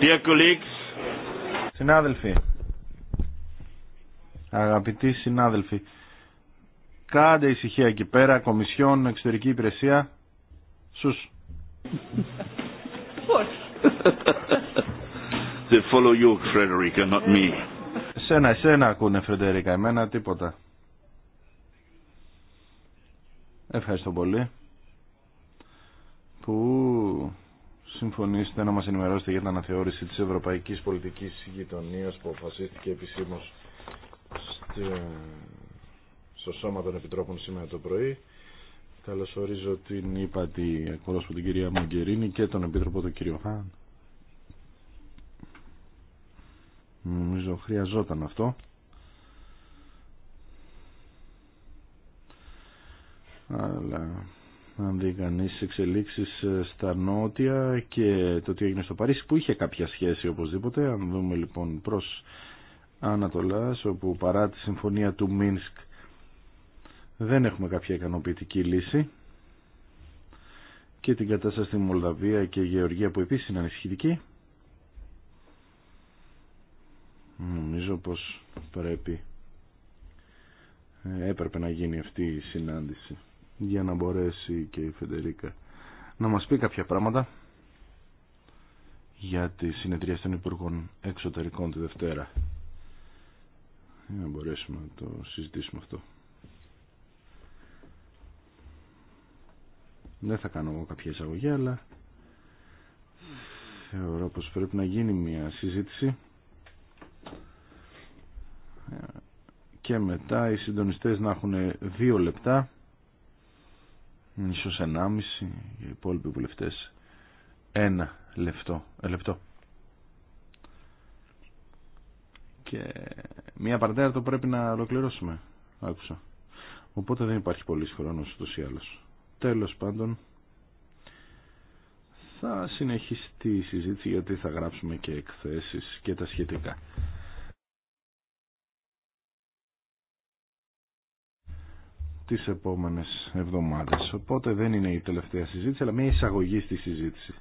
και Τι συνάδελφοι, αγαπητοί συνάδελφοι, κάντε ησυχία εκεί πέρα, Κομισιόν, Εξωτερική Υπηρεσία, σους. They follow you, Frederica, not me. Σένα, εσένα ακούνε, Φρεντερίκα, εμένα τίποτα. Ευχαριστώ πολύ που συμφωνήσετε να μας ενημερώσετε για την αναθεώρηση της ευρωπαϊκής πολιτικής γειτονίας που αποφασίστηκε επισήμως στο Σώμα των Επιτρόπων σήμερα το πρωί. Καλωσορίζω την ύπατη εκπρόσωπο την κυρία Μογκερίνη και τον Επίτροπο τον κύριο Χάν. Νομίζω χρειαζόταν αυτό. Αλλά αν δει κανεί εξελίξεις ε, στα νότια και το τι έγινε στο Παρίσι που είχε κάποια σχέση οπωσδήποτε. Αν δούμε λοιπόν προς Ανατολάς όπου παρά τη συμφωνία του Μίνσκ δεν έχουμε κάποια ικανοποιητική λύση και την κατάσταση στη Μολδαβία και η Γεωργία που επίσης είναι ανησυχητική. Νομίζω πως πρέπει ε, έπρεπε να γίνει αυτή η συνάντηση για να μπορέσει και η Φεντερίκα να μας πει κάποια πράγματα για τη συνεδρία των Υπουργών Εξωτερικών τη Δευτέρα για να μπορέσουμε να το συζητήσουμε αυτό. Δεν θα κάνω εγώ κάποια εισαγωγή, αλλά θεωρώ πως πρέπει να γίνει μια συζήτηση ε, και μετά οι συντονιστές να έχουν δύο λεπτά ίσως 1,5 οι υπόλοιποι βουλευτές ένα λεπτό, ε, λεπτό. Και μία παρτέρα το πρέπει να ολοκληρώσουμε, άκουσα. Οπότε δεν υπάρχει πολύς χρόνος ούτως ή άλλως. Τέλος πάντων, θα συνεχιστεί η συζήτηση γιατί θα γράψουμε και εκθέσεις και τα σχετικά. τις επόμενες εβδομάδες. Οπότε δεν είναι η τελευταία συζήτηση, αλλά μια εισαγωγή στη συζήτηση.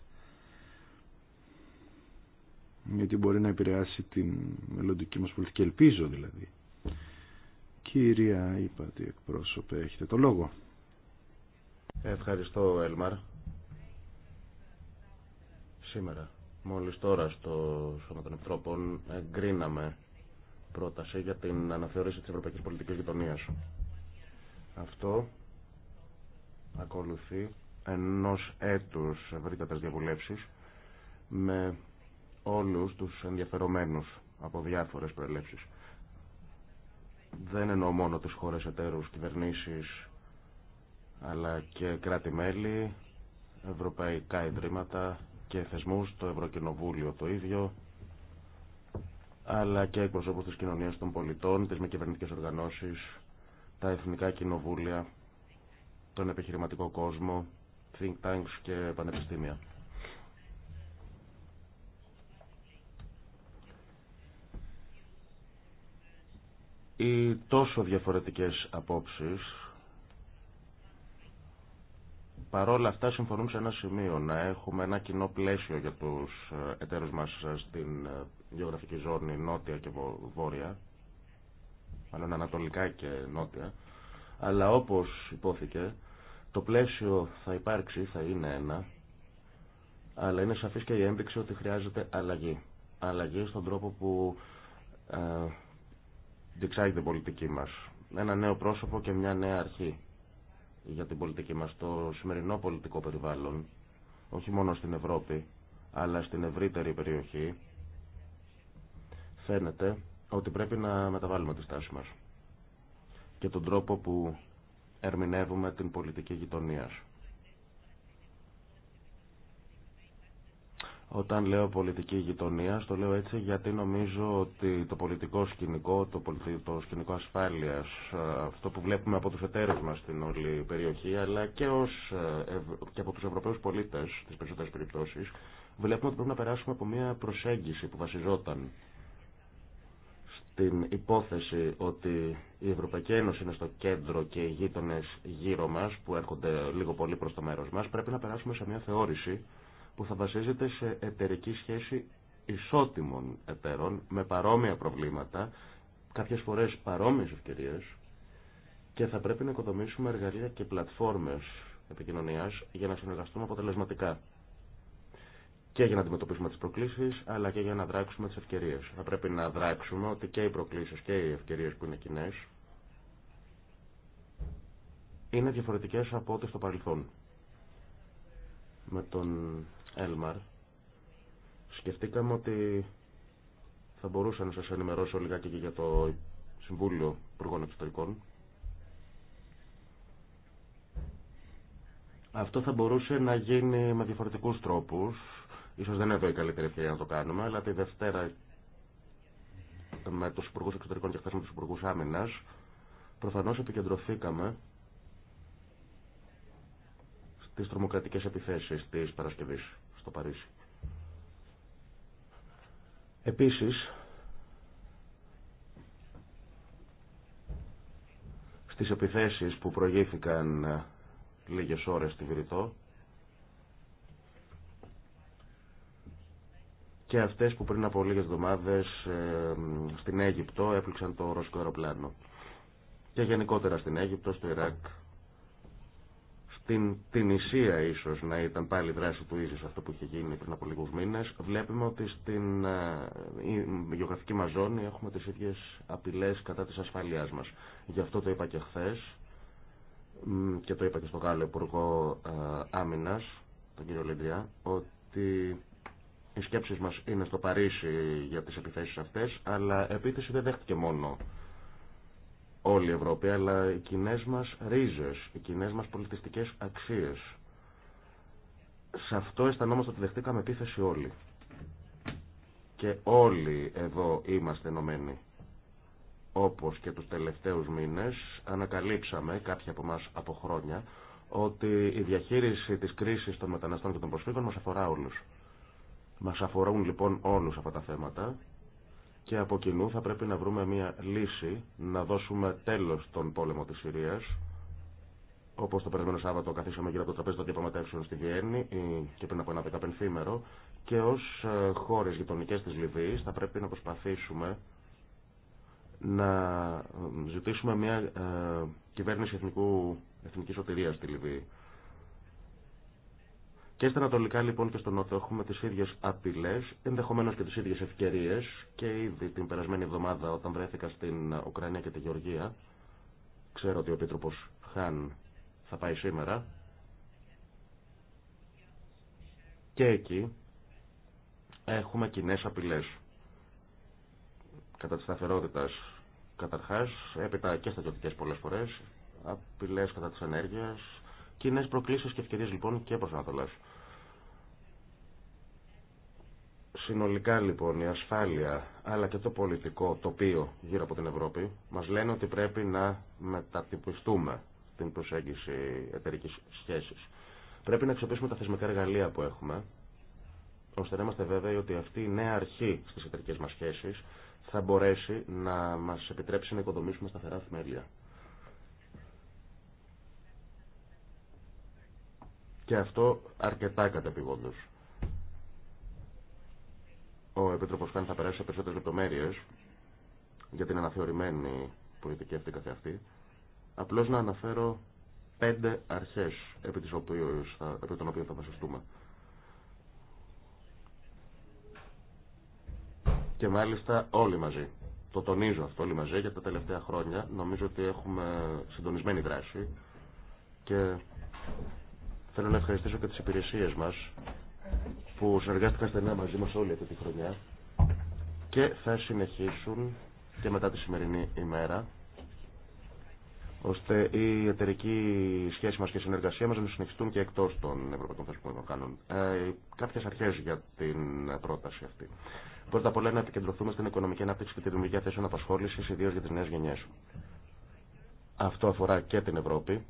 Γιατί μπορεί να επηρεάσει την μελλοντική μας πολιτική, ελπίζω δηλαδή. Κυρία, τι εκπρόσωπε, έχετε το λόγο. Ευχαριστώ, Έλμαρ. Σήμερα, μόλις τώρα στο Σώμα των Επιτρόπων, εγκρίναμε πρόταση για την αναθεώρηση της Ευρωπαϊκής Πολιτικής Γειτονίας. Αυτό ακολουθεί ενός έτους ευρύτατες διαβουλεύσεις με όλους τους ενδιαφερομένους από διάφορες προελεύσεις. Δεν εννοώ μόνο τις χώρες εταίρους, κυβερνήσεις, αλλά και κράτη-μέλη, ευρωπαϊκά ιδρύματα και θεσμούς, το Ευρωκοινοβούλιο το ίδιο, αλλά και εκπροσώπους της κοινωνίας των πολιτών, τις μη κυβερνητικές οργανώσεις, τα εθνικά κοινοβούλια, τον επιχειρηματικό κόσμο, think tanks και πανεπιστήμια. Οι τόσο διαφορετικές απόψεις παρόλα αυτά συμφωνούν σε ένα σημείο να έχουμε ένα κοινό πλαίσιο για τους ε, εταίρους μας ε, στην ε, γεωγραφική ζώνη νότια και βόρεια μάλλον ανατολικά και νότια, αλλά όπως υπόθηκε, το πλαίσιο θα υπάρξει, θα είναι ένα, αλλά είναι σαφής και η ένδειξη ότι χρειάζεται αλλαγή. Αλλαγή στον τρόπο που ε, την πολιτική μας. Ένα νέο πρόσωπο και μια νέα αρχή για την πολιτική μας. Το σημερινό πολιτικό περιβάλλον, όχι μόνο στην Ευρώπη, αλλά στην ευρύτερη περιοχή, φαίνεται ότι πρέπει να μεταβάλουμε τη στάση μας και τον τρόπο που ερμηνεύουμε την πολιτική γειτονίας. Όταν λέω πολιτική γειτονία, το λέω έτσι γιατί νομίζω ότι το πολιτικό σκηνικό, το, το σκηνικό ασφάλειας αυτό που βλέπουμε από τους εταίρους μας στην όλη περιοχή, αλλά και, ως, ε, και από τους Ευρωπαίους πολίτες στι περισσότερες περιπτώσει, βλέπουμε ότι πρέπει να περάσουμε από μια προσέγγιση που βασιζόταν την υπόθεση ότι η Ευρωπαϊκή Ένωση είναι στο κέντρο και οι γείτονε γύρω μα που έρχονται λίγο πολύ προ το μέρο μα, πρέπει να περάσουμε σε μια θεώρηση που θα βασίζεται σε εταιρική σχέση ισότιμων εταίρων με παρόμοια προβλήματα, κάποιες φορές παρόμοιες ευκαιρίες και θα πρέπει να οικοδομήσουμε εργαλεία και πλατφόρμες επικοινωνίας για να συνεργαστούμε αποτελεσματικά και για να αντιμετωπίσουμε τις προκλήσεις, αλλά και για να δράξουμε τις ευκαιρίε. Θα πρέπει να δράξουμε ότι και οι προκλήσεις και οι ευκαιρίε που είναι κοινέ είναι διαφορετικές από ό,τι στο παρελθόν. Με τον Έλμαρ σκεφτήκαμε ότι θα μπορούσα να σα ενημερώσω λιγάκι και για το Συμβούλιο Υπουργών Εξωτερικών. Αυτό θα μπορούσε να γίνει με διαφορετικούς τρόπους, Ίσως δεν είναι εδώ η καλύτερη ευκαιρία να το κάνουμε, αλλά τη Δευτέρα με τους υπουργού Εξωτερικών και χθε με τους υπουργού Άμυνας προφανώς επικεντρωθήκαμε στις τρομοκρατικές επιθέσεις της Παρασκευής στο Παρίσι. Επίσης, στις επιθέσεις που προηγήθηκαν λίγες ώρες στη Βηρητό, και αυτές που πριν από λίγες εβδομάδες ε, στην Αίγυπτο έπληξαν το ρωσικό αεροπλάνο. Και γενικότερα στην Αίγυπτο, στο Ιράκ, στην Ισία ίσως να ήταν πάλι δράση του ίσως αυτό που είχε γίνει πριν από λίγους μήνες, βλέπουμε ότι στην ε, γεωγραφική μας ζώνη έχουμε τις ίδιες απειλές κατά της ασφαλείας μας. Γι' αυτό το είπα και χθε και το είπα και στον Γάλλο Υπουργό ε, Άμυνας, τον κύριο Λεντριά, ότι σκέψεις μας είναι στο Παρίσι για τις επιθέσεις αυτές, αλλά επίθεση δεν δέχτηκε μόνο όλη η Ευρώπη, αλλά οι κοινέ μας ρίζες, οι κοινέ μας πολιτιστικές αξίες. Σε αυτό αισθανόμαστε ότι δεχτήκαμε επίθεση όλοι. Και όλοι εδώ είμαστε ενωμένοι. Όπως και τους τελευταίους μήνες ανακαλύψαμε, κάποιοι από εμά από χρόνια, ότι η διαχείριση της κρίσης των μεταναστών και των προσφύγων μας αφορά όλους. Μας αφορούν λοιπόν όλους αυτά τα θέματα και από κοινού θα πρέπει να βρούμε μια λύση να δώσουμε τέλος στον πόλεμο της Συρίας όπως το περασμένο Σάββατο καθίσαμε γύρω από το τραπέζι των διαπραγματεύσεων στη Βιέννη ε, και πριν από ένα δεκαπενθήμερο και ως ε, χώρες γειτονικές της Λιβύης θα πρέπει να προσπαθήσουμε να ε, ζητήσουμε μια κυβέρνηση εθνικού, εθνικής σωτηρίας στη Λιβύη. Και στα Ανατολικά λοιπόν και στο Νότο έχουμε τι ίδιε απειλέ, ενδεχομένω και τι ίδιε ευκαιρίε και ήδη την περασμένη εβδομάδα όταν βρέθηκα στην Ουκρανία και τη Γεωργία ξέρω ότι ο επίτροπο Χάν θα πάει σήμερα και εκεί έχουμε κοινέ απειλέ κατά τη σταθερότητα καταρχάς, έπειτα και στατιωτικές πολλές φορές, απειλέ κατά της ενέργεια, κοινέ προκλήσει και ευκαιρίε λοιπόν και προ Συνολικά λοιπόν η ασφάλεια αλλά και το πολιτικό τοπίο γύρω από την Ευρώπη μας λένε ότι πρέπει να μετατυπιστούμε την προσέγγιση εταιρικής σχέσης. Πρέπει να αξιοποιήσουμε τα θεσμικά εργαλεία που έχουμε ώστε να είμαστε βέβαιοι ότι αυτή η νέα αρχή στις εταιρικές μας σχέσεις θα μπορέσει να μας επιτρέψει να οικοδομήσουμε σταθερά θεμέλια. Και αυτό αρκετά κατεπηγόντως. Ο επίτροπο Καν θα περάσει σε περισσότερε λεπτομέρειε για την αναθεωρημένη πολιτική αυτή καθεαυτή. Απλώς να αναφέρω πέντε αρχέ επί, επί των οποίων θα βασιστούμε. Και μάλιστα όλοι μαζί. Το τονίζω αυτό όλοι μαζί για τα τελευταία χρόνια. Νομίζω ότι έχουμε συντονισμένη δράση και θέλω να ευχαριστήσω και τις υπηρεσίες μας που συνεργάστηκαν στενά μαζί μας όλη αυτή τη χρονιά και θα συνεχίσουν και μετά τη σημερινή ημέρα ώστε η εταιρική σχέση μας και η συνεργασία μας να συνεχιστούν και εκτός των Ευρωπαϊκών Θεσμικών κάνων. Ε, κάποιες αρχές για την πρόταση αυτή. Πρώτα απ' όλα να επικεντρωθούμε στην οικονομική ανάπτυξη και τη δημιουργία θέσεων απασχόλησης, ιδίως για τις νέες γενιές. Αυτό αφορά και την Ευρώπη,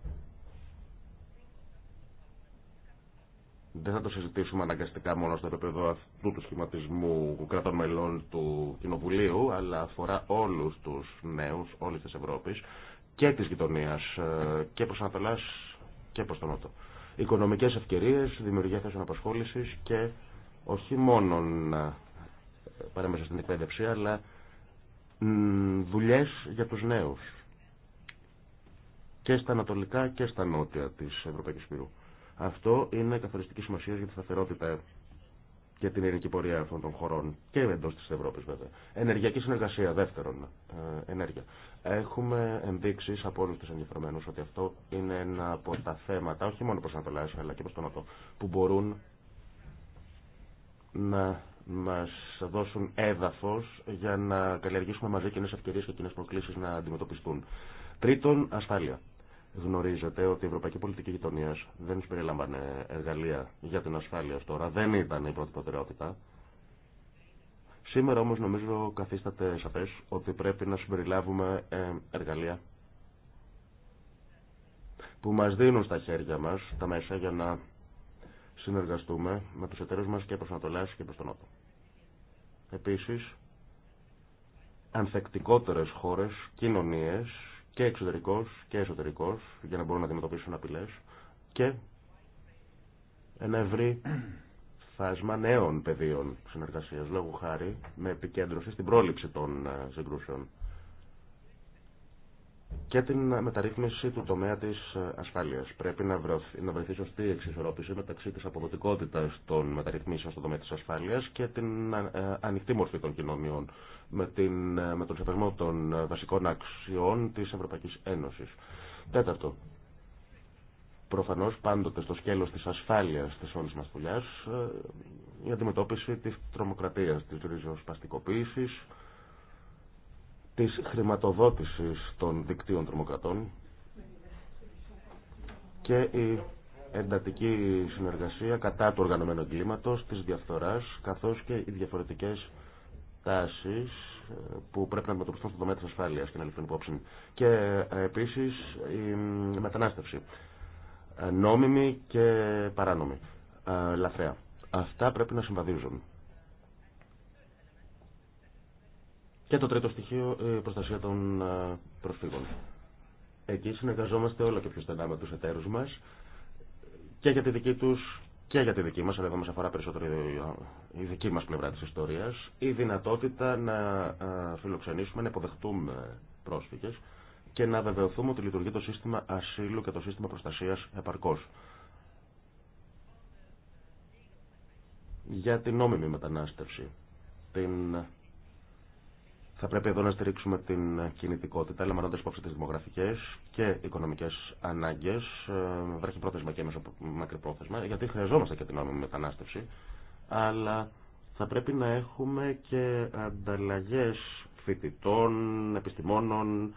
δεν θα το συζητήσουμε αναγκαστικά μόνο στο επίπεδο αυτού του σχηματισμού κρατών μελών του Κοινοβουλίου, αλλά αφορά όλους τους νέους, όλη της Ευρώπης και της γειτονίας ε, και προς Ανατολάς και προς τον Νότο. Οικονομικές ευκαιρίες, δημιουργία θέσεων απασχόλησης και όχι μόνο ε, μέσα στην εκπαίδευση, αλλά δουλειέ για τους νέους και στα ανατολικά και στα νότια της Ευρωπαϊκής Πυρού. Αυτό είναι καθοριστική σημασία για τη σταθερότητα και την ειρηνική πορεία αυτών των χωρών και εντό τη Ευρώπη βέβαια. Ενεργειακή συνεργασία, δεύτερον, ε, ενέργεια. Έχουμε ενδείξει από όλου του ενδιαφερμένου ότι αυτό είναι ένα από τα θέματα, όχι μόνο προ Ανατολά αλλά και προ τον Νότο, που μπορούν να μα δώσουν έδαφο για να καλλιεργήσουμε μαζί κοινέ ευκαιρίε και κοινέ προκλήσει να αντιμετωπιστούν. Τρίτον, ασφάλεια. Γνωρίζετε ότι η Ευρωπαϊκή Πολιτική Γειτονία δεν συμπεριλάμβανε εργαλεία για την ασφάλεια τώρα, δεν ήταν η πρώτη προτεραιότητα. Σήμερα όμω νομίζω καθίσταται σαφές ότι πρέπει να συμπεριλάβουμε ε, εργαλεία που μα δίνουν στα χέρια μα τα μέσα για να συνεργαστούμε με του εταίρου μα και προ Ανατολά και προ τον Νότο. Επίση, ανθεκτικότερε χώρε κοινωνίε και εξωτερικό και εσωτερικό για να μπορούν να αντιμετωπίσουν απειλέ. και ένα ευρύ φάσμα νέων πεδίων συνεργασία, λόγω χάρη με επικέντρωση στην πρόληψη των ε, συγκρούσεων και την μεταρρύθμιση του τομέα της ε, ασφάλειας. Πρέπει να, βρεθεί, να βρεθεί σωστή εξισορρόπηση μεταξύ τη αποδοτικότητα των μεταρρυθμίσεων στον τομέα της ασφάλειας και την ε, ε, ανοιχτή μορφή των κοινωνιών με, την, τον σεβασμό των βασικών αξιών της Ευρωπαϊκής Ένωσης. Τέταρτο, προφανώς πάντοτε στο σκέλος της ασφάλειας τη όλη μα δουλειά, η αντιμετώπιση τη τρομοκρατία, τη ριζοσπαστικοποίηση, της χρηματοδότησης των δικτύων τρομοκρατών και η εντατική συνεργασία κατά του οργανωμένου εγκλήματος, της διαφθοράς, καθώς και οι διαφορετικές τάσεις ε, που πρέπει να αντιμετωπιστούν στον τομέα της ασφάλειας και να ληφθούν υπόψη. Και ε, επίσης η μετανάστευση, ε, νόμιμη και παράνομη, λαθρέα. Αυτά πρέπει να συμβαδίζουν. Και το τρίτο στοιχείο, ε, η προστασία των ε, προσφύγων. Εκεί συνεργαζόμαστε όλο και πιο στενά με του εταίρου μας και για τη δική τους και για τη δική μας, αλλά εδώ μας αφορά περισσότερο η δική μας πλευρά της ιστορίας, η δυνατότητα να ε, φιλοξενήσουμε, να υποδεχτούμε πρόσφυγες και να βεβαιωθούμε ότι λειτουργεί το σύστημα ασύλου και το σύστημα προστασία επαρκώ. Για την νόμιμη μετανάστευση, την θα πρέπει εδώ να στηρίξουμε την κινητικότητα, λαμβάνοντα υπόψη τι δημογραφικέ και οικονομικέ ανάγκε, ε, πρόθεσμα και μέσω μακρυπρόθεσμα, γιατί χρειαζόμαστε και την νόμιμη μετανάστευση, αλλά θα πρέπει να έχουμε και ανταλλαγέ φοιτητών, επιστημόνων,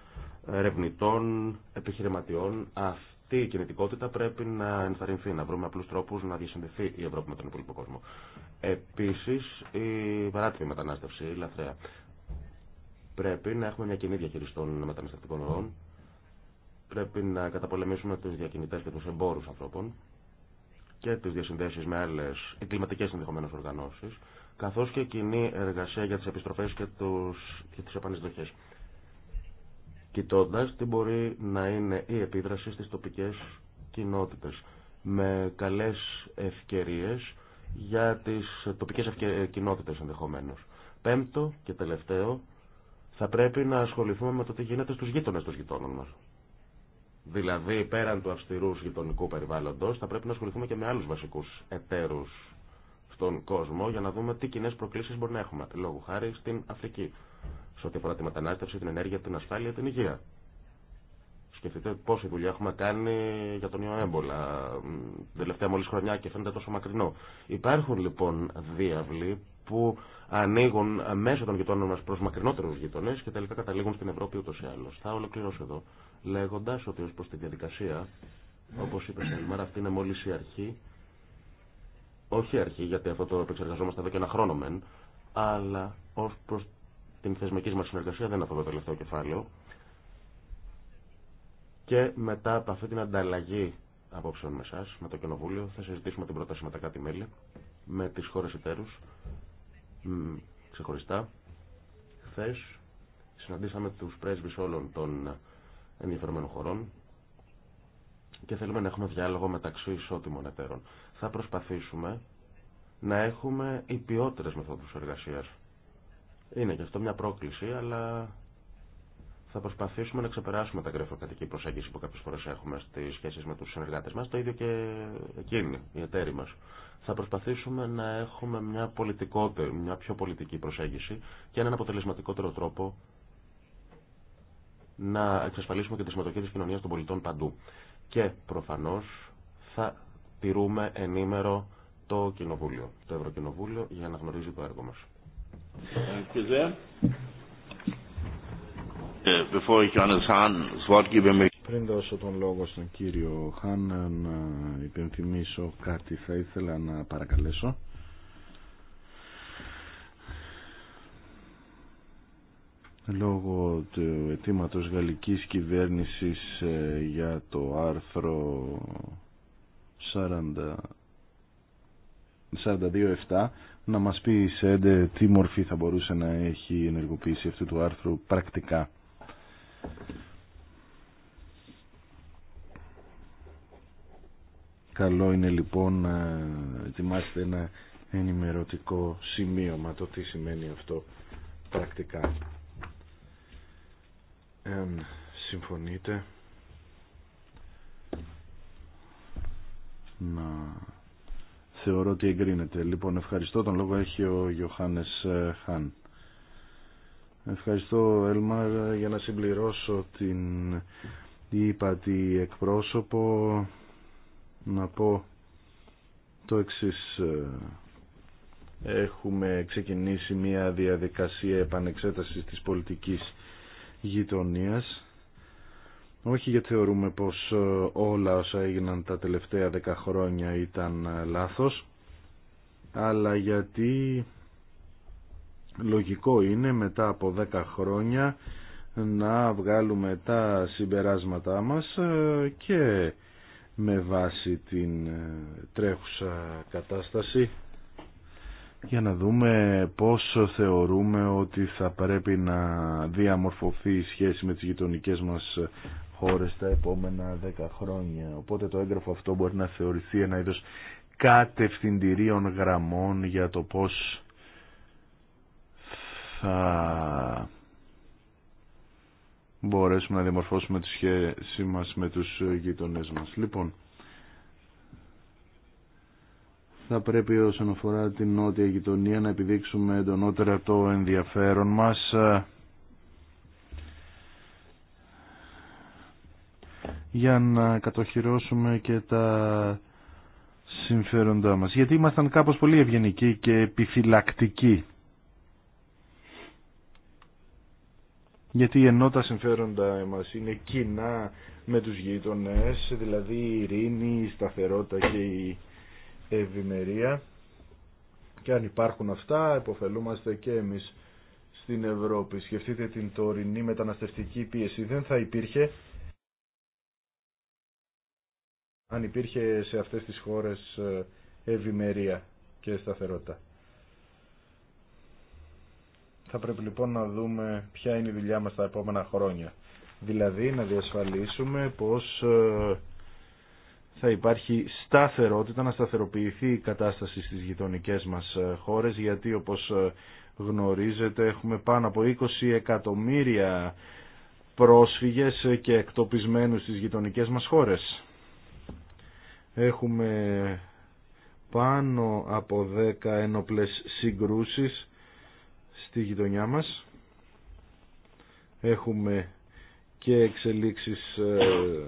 ερευνητών, επιχειρηματιών. Αυτή η κινητικότητα πρέπει να ενθαρρυνθεί, να βρούμε απλού τρόπου να διασυνδεθεί η Ευρώπη με τον υπόλοιπο κόσμο. Επίση, η παράτυπη μετανάστευση, η λαθρέα. Πρέπει να έχουμε μια κοινή διαχείριση των μεταναστευτικών ροών. Πρέπει να καταπολεμήσουμε του διακινητέ και του εμπόρου ανθρώπων και τι διασυνδέσει με άλλε εγκληματικέ ενδεχομένω οργανώσει, καθώ και κοινή εργασία για τι επιστροφέ και, τους... και τι επανεισδοχέ. Κοιτώντα τι μπορεί να είναι η επίδραση στι τοπικέ κοινότητε, με καλέ ευκαιρίε για τι τοπικέ κοινότητε ενδεχομένω. Πέμπτο και τελευταίο, θα πρέπει να ασχοληθούμε με το τι γίνεται στους γείτονες των γειτόνων μας. Δηλαδή, πέραν του αυστηρού γειτονικού περιβάλλοντος, θα πρέπει να ασχοληθούμε και με άλλους βασικούς εταίρους στον κόσμο για να δούμε τι κοινέ προκλήσεις μπορεί να έχουμε. Λόγω χάρη στην Αφρική, σε ό,τι αφορά τη μετανάστευση, την ενέργεια, την ασφάλεια, την υγεία. Σκεφτείτε πόση δουλειά έχουμε κάνει για τον ιό έμπολα τελευταία μόλις χρονιά και φαίνεται τόσο μακρινό. Υπάρχουν λοιπόν διάβλοι που ανοίγουν μέσω των γειτόνων μας προς μακρινότερους γειτονές και τελικά καταλήγουν στην Ευρώπη ούτως ή άλλως. Θα ολοκληρώσω εδώ λέγοντας ότι ως προς τη διαδικασία, όπως είπε σήμερα, αυτή είναι μόλις η αρχή, όχι η αρχή γιατί αυτό το επεξεργαζόμαστε εδώ και ένα χρόνο μεν, αλλά ως προς την θεσμική μας συνεργασία δεν αυτό το τελευταίο κεφάλαιο, και μετά από αυτή την ανταλλαγή απόψεων με εσά, με το Κοινοβούλιο, θα συζητήσουμε την πρόταση με τα κάτι μέλη, με τις χώρες εταίρους, ξεχωριστά. Χθε συναντήσαμε τους πρέσβεις όλων των ενδιαφερομένων χωρών και θέλουμε να έχουμε διάλογο μεταξύ ισότιμων εταίρων. Θα προσπαθήσουμε να έχουμε οι ποιότερες μεθόδους εργασίας. Είναι και αυτό μια πρόκληση, αλλά θα προσπαθήσουμε να ξεπεράσουμε τα γραφειοκρατική προσέγγιση που κάποιε φορέ έχουμε στι σχέσει με του συνεργάτε μα, το ίδιο και εκείνοι, οι εταίροι μα. Θα προσπαθήσουμε να έχουμε μια πολιτικότερη, μια πιο πολιτική προσέγγιση και έναν αποτελεσματικότερο τρόπο να εξασφαλίσουμε και τη συμμετοχή τη κοινωνία των πολιτών παντού. Και προφανώ θα τηρούμε ενήμερο το Κοινοβούλιο, το Ευρωκοινοβούλιο, για να γνωρίζει το έργο μα. Äh, Πριν δώσω τον λόγο στον κύριο Χάν να υπενθυμίσω κάτι θα ήθελα να παρακαλέσω. Λόγω του αιτήματος γαλλικής κυβέρνησης ε, για το άρθρο 40... 42.7 να μας πει η ΣΕΝΤΕ τι μορφή θα μπορούσε να έχει ενεργοποιήσει αυτού του άρθρου πρακτικά. Καλό είναι λοιπόν να ετοιμάσετε ένα ενημερωτικό σημείωμα το τι σημαίνει αυτό πρακτικά. Εάν συμφωνείτε να θεωρώ ότι εγκρίνεται. Λοιπόν, ευχαριστώ. Τον λόγο έχει ο Γιωχάνες ε, Χάν. Ευχαριστώ Έλμα, για να συμπληρώσω την είπα τη εκπρόσωπο να πω το εξής ε, έχουμε ξεκινήσει μια διαδικασία επανεξέτασης της πολιτικής γειτονίας όχι γιατί θεωρούμε πως ε, όλα όσα έγιναν τα τελευταία δέκα χρόνια ήταν ε, λάθος αλλά γιατί λογικό είναι μετά από 10 χρόνια να βγάλουμε τα συμπεράσματά μας ε, και με βάση την ε, τρέχουσα κατάσταση για να δούμε πώς θεωρούμε ότι θα πρέπει να διαμορφωθεί η σχέση με τις γειτονικέ μας χώρες τα επόμενα 10 χρόνια. Οπότε το έγγραφο αυτό μπορεί να θεωρηθεί ένα είδος κατευθυντηρίων γραμμών για το πώς θα μπορέσουμε να διαμορφώσουμε τη σχέση μας με τους γειτονές μας. Λοιπόν, θα πρέπει όσον αφορά την νότια γειτονία να επιδείξουμε εντονότερα το ενδιαφέρον μας για να κατοχυρώσουμε και τα συμφέροντά μας. Γιατί ήμασταν κάπως πολύ ευγενικοί και επιφυλακτικοί γιατί ενώ τα συμφέροντα μας είναι κοινά με τους γείτονες, δηλαδή η ειρήνη, η σταθερότητα και η ευημερία, και αν υπάρχουν αυτά, εποφελούμαστε και εμείς στην Ευρώπη. Σκεφτείτε την τωρινή μεταναστευτική πίεση. Δεν θα υπήρχε αν υπήρχε σε αυτές τις χώρες ε, ευημερία και σταθερότητα. Θα πρέπει λοιπόν να δούμε ποια είναι η δουλειά μας τα επόμενα χρόνια. Δηλαδή να διασφαλίσουμε πως ε, θα υπάρχει σταθερότητα, να σταθεροποιηθεί η κατάσταση στις γειτονικές μας ε, χώρες, γιατί όπως ε, γνωρίζετε έχουμε πάνω από 20 εκατομμύρια πρόσφυγες και εκτοπισμένους στις γειτονικές μας χώρες. Έχουμε πάνω από 10 ενοπλές συγκρούσεις στη γειτονιά μας. Έχουμε και εξελίξεις ε,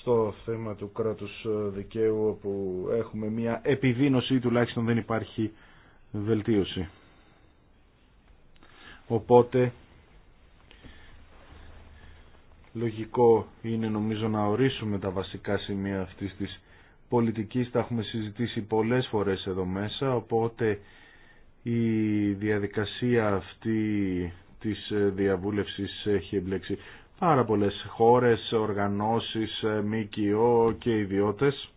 στο θέμα του κράτους ε, δικαίου όπου έχουμε μια επιδίνωση ή τουλάχιστον δεν υπάρχει βελτίωση. Οπότε λογικό είναι νομίζω να ορίσουμε τα βασικά σημεία αυτής της πολιτικής τα έχουμε συζητήσει πολλές φορές εδώ μέσα, οπότε η διαδικασία αυτή της ε, διαβούλευσης έχει εμπλέξει πάρα πολλές χώρες, οργανώσεις, ε, ΜΚΟ και ιδιώτες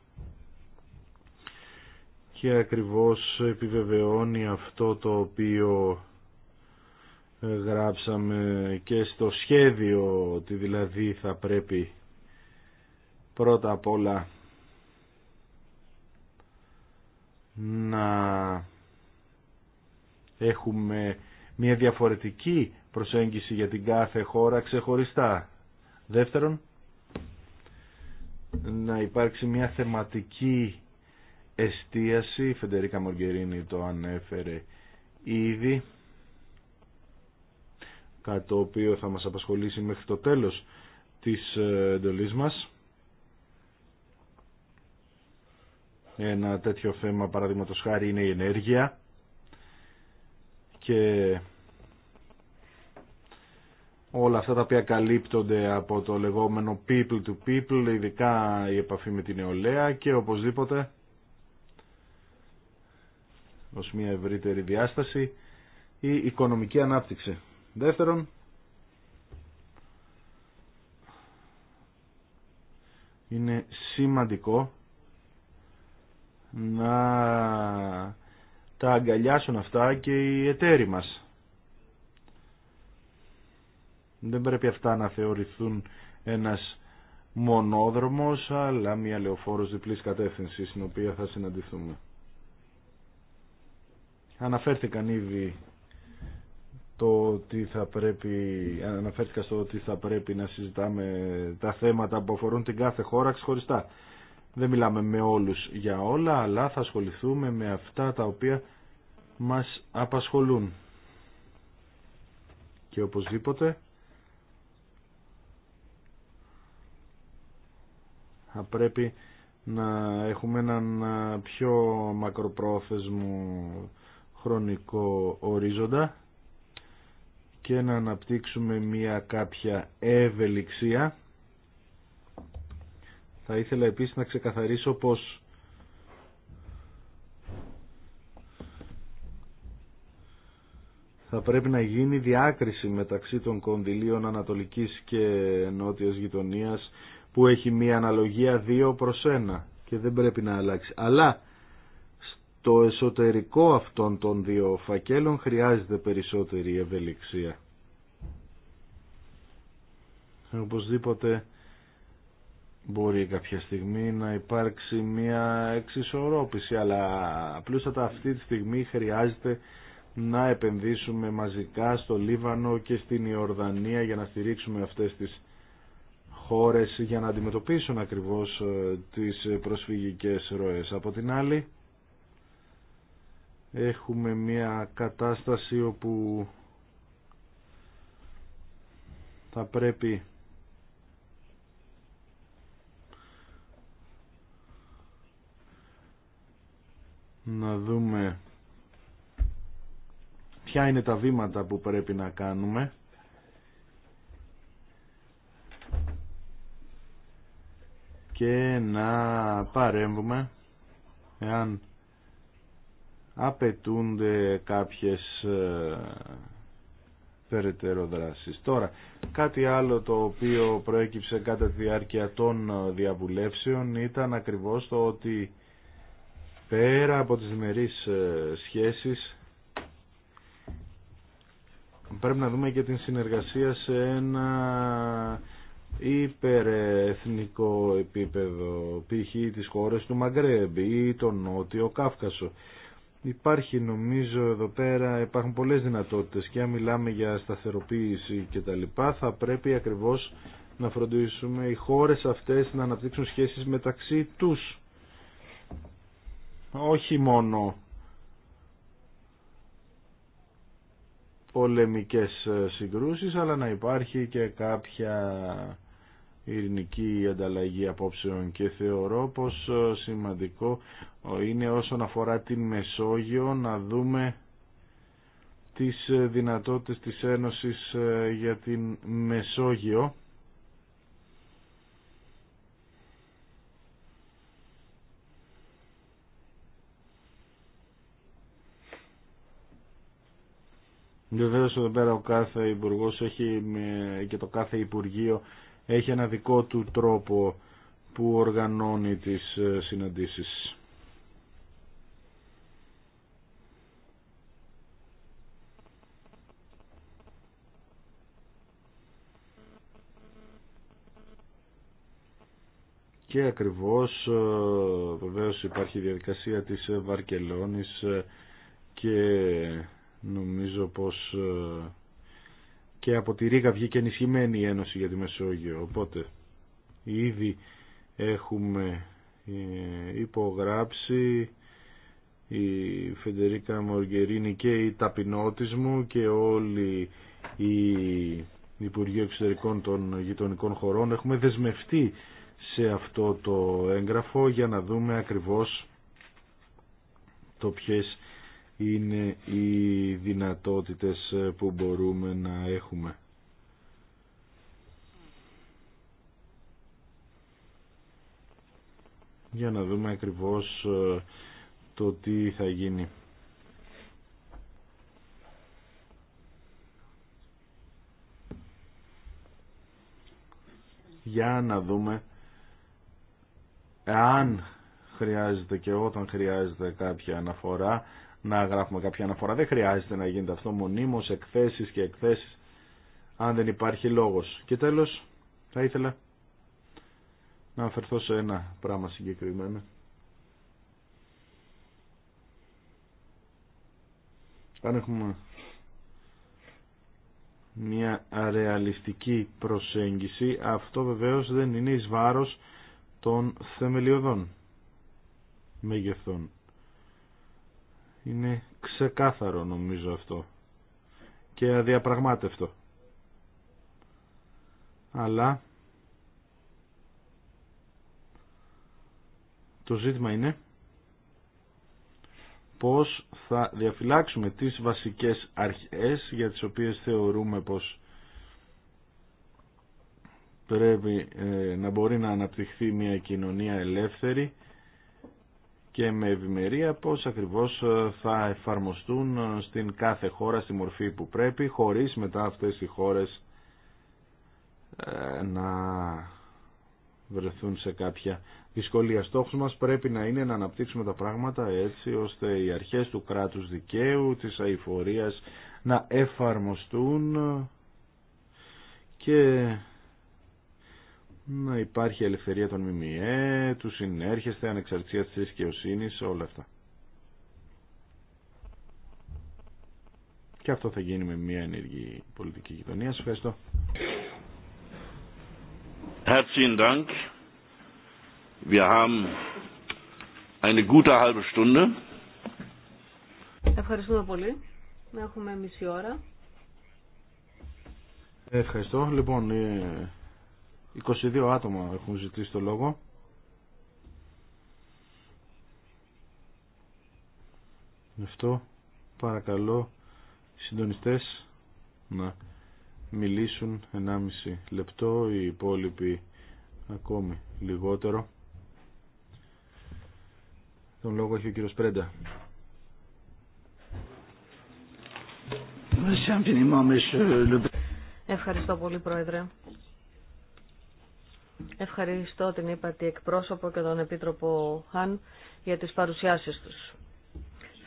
και ακριβώς επιβεβαιώνει αυτό το οποίο ε, γράψαμε και στο σχέδιο ότι δηλαδή θα πρέπει πρώτα απ' όλα να έχουμε μια διαφορετική προσέγγιση για την κάθε χώρα ξεχωριστά. Δεύτερον, να υπάρξει μια θεματική εστίαση, η Φεντερίκα Μοργκερίνη το ανέφερε ήδη, κάτι το οποίο θα μας απασχολήσει μέχρι το τέλος της ε, εντολής μας. Ένα τέτοιο θέμα παραδείγματο χάρη είναι η ενέργεια και όλα αυτά τα οποία καλύπτονται από το λεγόμενο people to people, ειδικά η επαφή με την νεολαία και οπωσδήποτε ως μια ευρύτερη διάσταση η οικονομική ανάπτυξη. Δεύτερον, είναι σημαντικό να τα αγκαλιάσουν αυτά και οι εταίροι μας. Δεν πρέπει αυτά να θεωρηθούν ένας μονόδρομος, αλλά μια λεωφόρος διπλής κατεύθυνσης, στην οποία θα συναντηθούμε. Αναφέρθηκαν ήδη το ότι θα πρέπει, αναφέρθηκα στο ότι θα πρέπει να συζητάμε τα θέματα που αφορούν την κάθε χώρα ξεχωριστά. Δεν μιλάμε με όλους για όλα, αλλά θα ασχοληθούμε με αυτά τα οποία μας απασχολούν. Και οπωσδήποτε θα πρέπει να έχουμε έναν πιο μακροπρόθεσμο χρονικό ορίζοντα και να αναπτύξουμε μία κάποια ευελιξία θα ήθελα επίσης να ξεκαθαρίσω πως θα πρέπει να γίνει διάκριση μεταξύ των κονδυλίων Ανατολικής και Νότιας Γειτονίας που έχει μία αναλογία 2 προς 1 και δεν πρέπει να αλλάξει. Αλλά στο εσωτερικό αυτών των δύο φακέλων χρειάζεται περισσότερη ευελιξία. Οπωσδήποτε Μπορεί κάποια στιγμή να υπάρξει μια εξισορρόπηση, αλλά απλούστατα αυτή τη στιγμή χρειάζεται να επενδύσουμε μαζικά στο Λίβανο και στην Ιορδανία για να στηρίξουμε αυτές τις χώρες για να αντιμετωπίσουν ακριβώς ε, τις προσφυγικές ροές. Από την άλλη έχουμε μια κατάσταση όπου θα πρέπει να δούμε ποια είναι τα βήματα που πρέπει να κάνουμε και να παρέμβουμε εάν απαιτούνται κάποιες ε, περαιτέρω δράσεις. Τώρα, κάτι άλλο το οποίο προέκυψε κατά τη διάρκεια των ε, διαβουλεύσεων ήταν ακριβώς το ότι πέρα από τις διμερείς ε, σχέσεις πρέπει να δούμε και την συνεργασία σε ένα υπερεθνικό επίπεδο π.χ. τις χώρες του Μαγκρέμπ ή τον Νότιο Κάφκασο υπάρχει νομίζω εδώ πέρα υπάρχουν πολλές δυνατότητες και αν μιλάμε για σταθεροποίηση και τα λοιπά θα πρέπει ακριβώς να φροντίσουμε οι χώρες αυτές να αναπτύξουν σχέσεις μεταξύ τους όχι μόνο πολεμικές ε, συγκρούσεις αλλά να υπάρχει και κάποια ειρηνική ανταλλαγή απόψεων και θεωρώ πως ε, σημαντικό ε, είναι όσον αφορά την Μεσόγειο να δούμε τις δυνατότητες της Ένωσης για την Μεσόγειο Βεβαίω εδώ πέρα ο κάθε υπουργό έχει και το κάθε υπουργείο έχει ένα δικό του τρόπο που οργανώνει τις ε, συναντήσεις. Και ακριβώς ε, βεβαίως υπάρχει η διαδικασία της Βαρκελόνης ε, και Νομίζω πως ε, και από τη Ρίγα βγήκε ενισχυμένη η Ένωση για τη Μεσόγειο. Οπότε ήδη έχουμε ε, υπογράψει η Φεντερίκα Μοργκερίνη και η ταπεινότης μου και όλοι οι Υπουργοί Εξωτερικών των γειτονικών χωρών έχουμε δεσμευτεί σε αυτό το έγγραφο για να δούμε ακριβώς το ποιες είναι οι δυνατότητες που μπορούμε να έχουμε. Για να δούμε ακριβώς ε, το τι θα γίνει. Για να δούμε αν χρειάζεται και όταν χρειάζεται κάποια αναφορά να γράφουμε κάποια αναφορά. Δεν χρειάζεται να γίνεται αυτό μονίμως, εκθέσεις και εκθέσεις, αν δεν υπάρχει λόγος. Και τέλος, θα ήθελα να αφαιρθώ σε ένα πράγμα συγκεκριμένο. Αν έχουμε μια ρεαλιστική προσέγγιση, αυτό βεβαίως δεν είναι εις βάρος των θεμελιωδών μεγεθών είναι ξεκάθαρο νομίζω αυτό και αδιαπραγμάτευτο. Αλλά το ζήτημα είναι πώς θα διαφυλάξουμε τις βασικές αρχές για τις οποίες θεωρούμε πως πρέπει ε, να μπορεί να αναπτυχθεί μια κοινωνία ελεύθερη και με ευημερία πώς ακριβώς ε, θα εφαρμοστούν ε, στην κάθε χώρα στη μορφή που πρέπει χωρίς μετά αυτές οι χώρες ε, να βρεθούν σε κάποια δυσκολία. Στόχος μας πρέπει να είναι να αναπτύξουμε τα πράγματα έτσι ώστε οι αρχές του κράτους δικαίου, της αηφορίας να εφαρμοστούν και να υπάρχει ελευθερία των ΜΜΕ, του συνέρχεστε, ανεξαρτησία της δικαιοσύνη, όλα αυτά. Και αυτό θα γίνει με μια ενεργή πολιτική γειτονία. Σας ευχαριστώ. Herzlichen Dank. Wir haben eine gute halbe Stunde. Ευχαριστούμε πολύ. Έχουμε μισή ώρα. Ευχαριστώ. Λοιπόν, ε, 22 άτομα έχουν ζητήσει το λόγο. Γι' αυτό παρακαλώ οι συντονιστές να μιλήσουν 1,5 λεπτό, οι υπόλοιποι ακόμη λιγότερο. Τον λόγο έχει ο κύριος Πρέντα. Ευχαριστώ πολύ, Πρόεδρε. Ευχαριστώ την ύπατη εκπρόσωπο και τον Επίτροπο Χαν για τις παρουσιάσεις τους.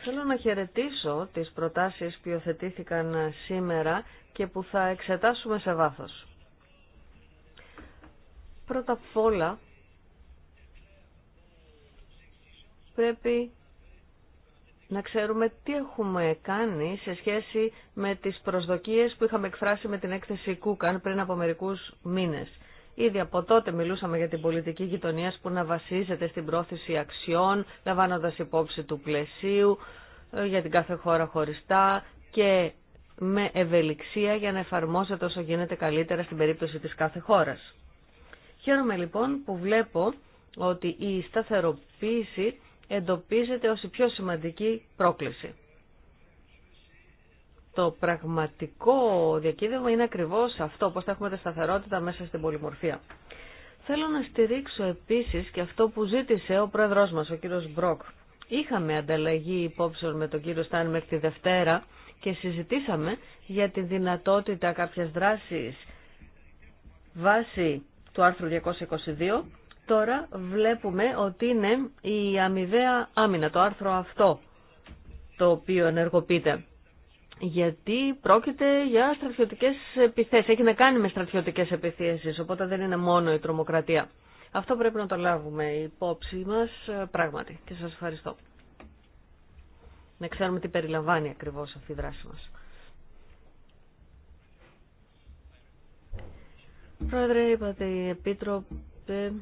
Θέλω να χαιρετήσω τις προτάσεις που υιοθετήθηκαν σήμερα και που θα εξετάσουμε σε βάθος. Πρώτα απ' όλα πρέπει να ξέρουμε τι έχουμε κάνει σε σχέση με τις προσδοκίες που είχαμε εκφράσει με την έκθεση Κούκαν πριν από μερικούς μήνες. Ήδη από τότε μιλούσαμε για την πολιτική γειτονία που να βασίζεται στην πρόθεση αξιών, λαμβάνοντα υπόψη του πλαισίου ε, για την κάθε χώρα χωριστά και με ευελιξία για να εφαρμόζεται όσο γίνεται καλύτερα στην περίπτωση της κάθε χώρας. Χαίρομαι λοιπόν που βλέπω ότι η σταθεροποίηση εντοπίζεται ως η πιο σημαντική πρόκληση το πραγματικό διακύβευμα είναι ακριβώς αυτό, πώς θα έχουμε τα σταθερότητα μέσα στην πολυμορφία. Θέλω να στηρίξω επίσης και αυτό που ζήτησε ο πρόεδρός μας, ο κύριος Μπροκ. Είχαμε ανταλλαγή υπόψεων με τον κύριο Στάνι μέχρι τη Δευτέρα και συζητήσαμε για τη δυνατότητα κάποιας δράσης βάσει του άρθρου 222. Τώρα βλέπουμε ότι είναι η αμοιβαία άμυνα, το άρθρο αυτό το οποίο ενεργοποιείται γιατί πρόκειται για στρατιωτικές επιθέσεις. Έχει να κάνει με στρατιωτικές επιθέσεις, οπότε δεν είναι μόνο η τρομοκρατία. Αυτό πρέπει να το λάβουμε υπόψη μας ε, πράγματι και σας ευχαριστώ. Να ξέρουμε τι περιλαμβάνει ακριβώς αυτή η δράση μας. Πρόεδρε, είπατε η Επίτροπε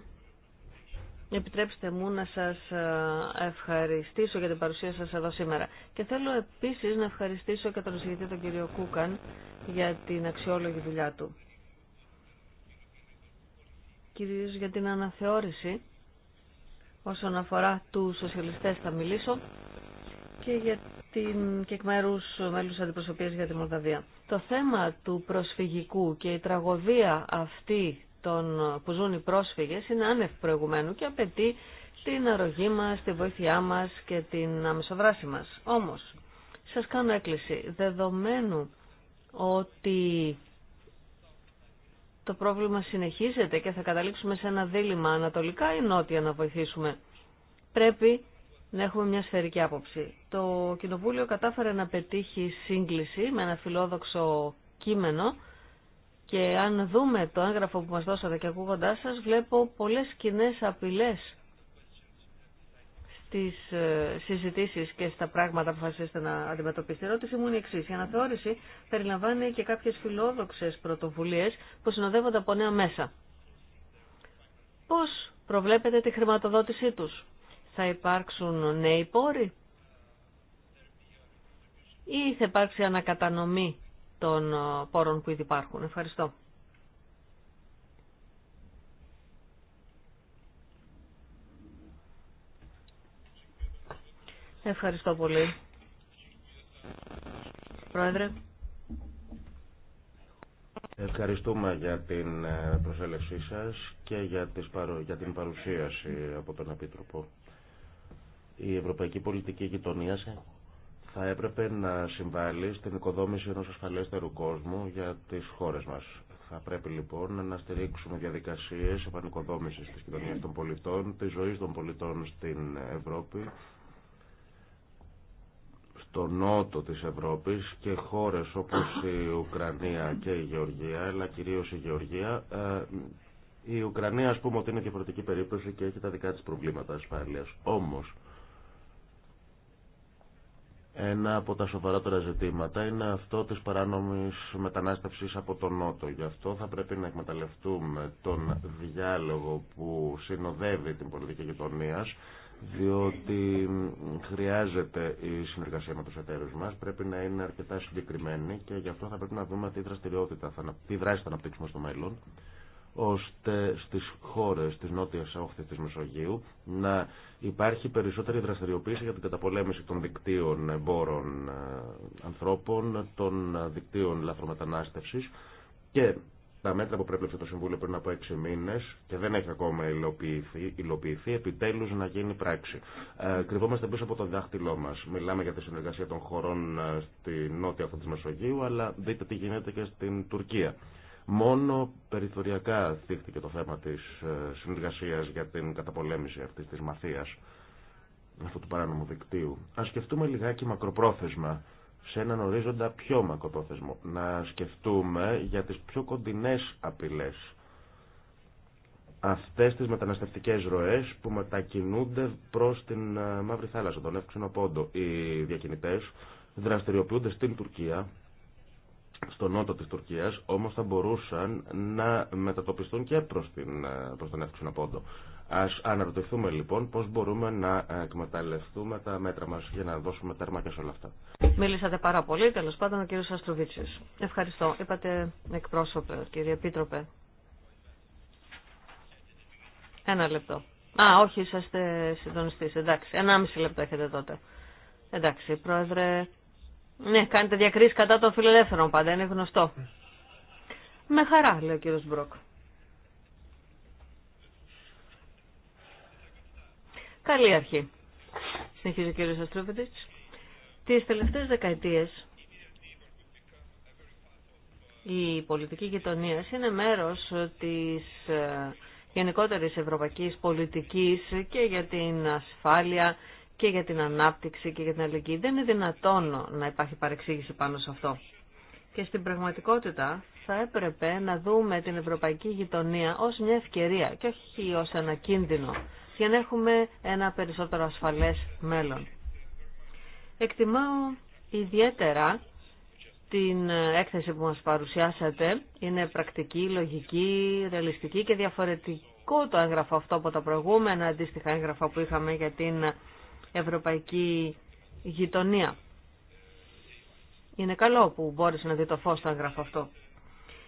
Επιτρέψτε μου να σας ε, ευχαριστήσω για την παρουσία σας εδώ σήμερα. Και θέλω επίσης να ευχαριστήσω και τον συγκεκριτή τον κύριο Κούκαν για την αξιόλογη δουλειά του. Κυρίως για την αναθεώρηση όσον αφορά του σοσιαλιστές θα μιλήσω και για την και εκ μέλους αντιπροσωπείας για τη Μολδαβία. Το θέμα του προσφυγικού και η τραγωδία αυτή των, που ζουν οι πρόσφυγες είναι άνευ προηγουμένου και απαιτεί την αρρωγή μας, τη βοήθειά μας και την αμεσοδράση μας. Όμως, σας κάνω έκκληση, δεδομένου ότι το πρόβλημα συνεχίζεται και θα καταλήξουμε σε ένα δίλημα ανατολικά ή νότια να βοηθήσουμε, πρέπει να έχουμε μια σφαιρική άποψη. Το Κοινοβούλιο κατάφερε να πετύχει σύγκληση με ένα φιλόδοξο κείμενο και αν δούμε το έγγραφο που μας δώσατε και ακούγοντά σας, βλέπω πολλές κοινέ απειλές στις ε, συζητήσεις και στα πράγματα που φασίστε να αντιμετωπίσετε. Η ερώτηση μου είναι η Η αναθεώρηση περιλαμβάνει και κάποιες φιλόδοξες πρωτοβουλίες που συνοδεύονται από νέα μέσα. Πώς προβλέπετε τη χρηματοδότησή τους. Θα υπάρξουν νέοι πόροι ή θα υπάρξει ανακατανομή των ε, πόρων που ήδη υπάρχουν. Ευχαριστώ. Ευχαριστώ πολύ. Πρόεδρε. Ευχαριστούμε για την ε, προσέλευσή σας και για, για την παρουσίαση από τον Επίτροπο. Η Ευρωπαϊκή Πολιτική Γειτονία θα έπρεπε να συμβάλλει στην οικοδόμηση ενός ασφαλέστερου κόσμου για τις χώρες μας. Θα πρέπει λοιπόν να στηρίξουμε διαδικασίες επανοικοδόμησης της κοινωνίας των πολιτών, της ζωής των πολιτών στην Ευρώπη, στο νότο της Ευρώπης και χώρες όπως η Ουκρανία και η Γεωργία, αλλά κυρίως η Γεωργία. Ε, η Ουκρανία ας πούμε ότι είναι διαφορετική περίπτωση και έχει τα δικά της προβλήματα ασφάλειας. Όμως, ένα από τα σοβαρότερα ζητήματα είναι αυτό της παράνομης μετανάστευσης από τον Νότο. Γι' αυτό θα πρέπει να εκμεταλλευτούμε τον διάλογο που συνοδεύει την πολιτική γειτονία, διότι χρειάζεται η συνεργασία με τους εταίρους μας, πρέπει να είναι αρκετά συγκεκριμένη και γι' αυτό θα πρέπει να δούμε τι, δραστηριότητα, τι δράση θα αναπτύξουμε στο μέλλον ώστε στις χώρες της νότιας όχθης της Μεσογείου να υπάρχει περισσότερη δραστηριοποίηση για την καταπολέμηση των δικτύων εμπόρων ε, ανθρώπων, των ε, δικτύων λαθρομετανάστευσης και τα μέτρα που πρέπει το Συμβούλιο πριν από έξι μήνες και δεν έχει ακόμα υλοποιηθεί, υλοποιηθεί επιτέλου να γίνει πράξη. Ε, κρυβόμαστε πίσω από το δάχτυλό μας. Μιλάμε για τη συνεργασία των χωρών ε, στη νότια αυτή τη Μεσογείου, αλλά δείτε τι γίνεται και στην Τουρκία. Μόνο περιθωριακά δείχτηκε το θέμα της ε, συνεργασίας για την καταπολέμηση αυτής της μαθίας, αυτού του παράνομου δικτύου. Ας σκεφτούμε λιγάκι μακροπρόθεσμα, σε έναν ορίζοντα πιο μακροπρόθεσμο. Να σκεφτούμε για τις πιο κοντινές απειλές αυτές τις μεταναστευτικές ροές που μετακινούνται προς την ε, Μαύρη Θάλασσα, τον Εύξηνο Πόντο. Οι διακινητές δραστηριοποιούνται στην Τουρκία στο νότο της Τουρκίας, όμως θα μπορούσαν να μετατοπιστούν και προς, την, ε, προς τον πόντω. πόντο. Ας αναρωτηθούμε λοιπόν πώς μπορούμε να εκμεταλλευτούμε τα μέτρα μας για να δώσουμε τέρμα και σε όλα αυτά. Μίλησατε πάρα πολύ, τέλος πάντων ο κύριος Αστροβίτσιος. Ευχαριστώ. Είπατε εκπρόσωπε, κύριε Επίτροπε. Ένα λεπτό. Α, όχι, είσαστε συντονιστής. Εντάξει, ένα μισή λεπτό έχετε τότε. Εντάξει, πρόεδρε, ναι, κάνετε διακρίσει κατά των φιλελεύθερων πάντα, είναι γνωστό. Με χαρά, λέει ο κύριος Μπροκ. Καλή αρχή. Συνεχίζει ο κύριος Αστρόβιτης. Τις τελευταίες δεκαετίες η πολιτική γειτονία είναι μέρος της ε, γενικότερης ευρωπαϊκής πολιτικής και για την ασφάλεια και για την ανάπτυξη και για την αλληλεγγύη. Δεν είναι δυνατόν να υπάρχει παρεξήγηση πάνω σε αυτό. Και στην πραγματικότητα θα έπρεπε να δούμε την ευρωπαϊκή γειτονία ως μια ευκαιρία και όχι ως ένα κίνδυνο για να έχουμε ένα περισσότερο ασφαλές μέλλον. Εκτιμάω ιδιαίτερα την έκθεση που μας παρουσιάσατε. Είναι πρακτική, λογική, ρεαλιστική και διαφορετικό το έγγραφο αυτό από τα προηγούμενα αντίστοιχα έγγραφα που είχαμε για την ευρωπαϊκή γειτονία. Είναι καλό που μπόρεσε να δει το φως στο έγγραφο αυτό.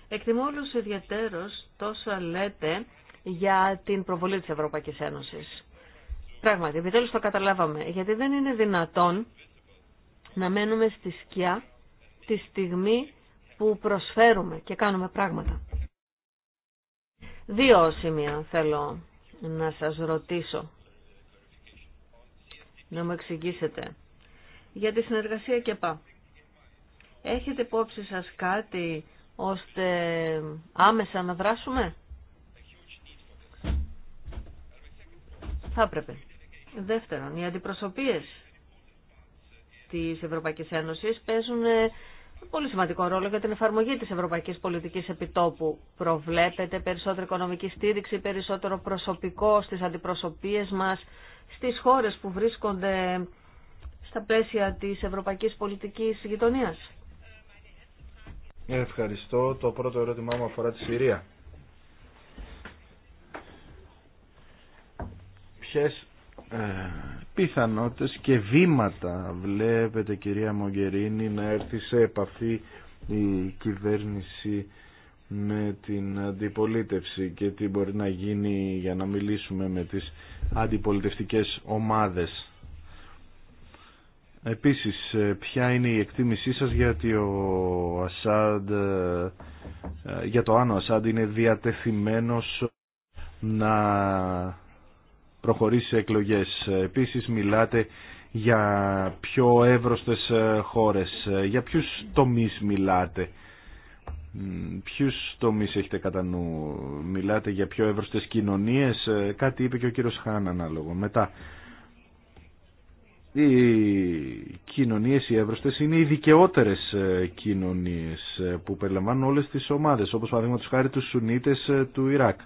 Εκτιμώ όλους ιδιαίτερος τόσα λέτε για την προβολή της Ευρωπαϊκής Ένωσης. Πράγματι, επιτέλους το καταλάβαμε, γιατί δεν είναι δυνατόν να μένουμε στη σκιά τη στιγμή που προσφέρουμε και κάνουμε πράγματα. Δύο σημεία θέλω να σας ρωτήσω να μου εξηγήσετε. Για τη συνεργασία και πά. Έχετε υπόψη σας κάτι ώστε άμεσα να δράσουμε. Θα έπρεπε. Δεύτερον, οι αντιπροσωπείες της Ευρωπαϊκής Ένωσης παίζουν πολύ σημαντικό ρόλο για την εφαρμογή της ευρωπαϊκής πολιτικής επιτόπου. Προβλέπεται περισσότερη οικονομική στήριξη, περισσότερο προσωπικό στις αντιπροσωπείες μας στις χώρες που βρίσκονται στα πλαίσια της ευρωπαϊκής πολιτικής γειτονίας. Ευχαριστώ. Το πρώτο ερώτημά μου αφορά τη Συρία. Ποιες ε, πιθανότητες και βήματα βλέπετε κυρία Μογκερίνη να έρθει σε επαφή η κυβέρνηση με την αντιπολίτευση και τι μπορεί να γίνει για να μιλήσουμε με τις αντιπολιτευτικές ομάδες. Επίσης, ε, ποια είναι η εκτίμησή σας γιατί ο Ασάντ, ε, ε, για το αν ο Ασάντ είναι διατεθειμένος να προχωρήσει σε εκλογές. Επίσης, μιλάτε για πιο εύρωστες χώρες. Για ποιους τομείς μιλάτε Ποιου τομεί έχετε κατά νου, μιλάτε για πιο εύρωστες κοινωνίες, ε, κάτι είπε και ο κύριο Χάν ανάλογο. Μετά, οι κοινωνίες οι εύρωστες είναι οι δικαιότερε ε, κοινωνίες ε, που περιλαμβάνουν όλες τις ομάδες, όπως παραδείγματο χάρη του Σουνίτε του Ιράκ.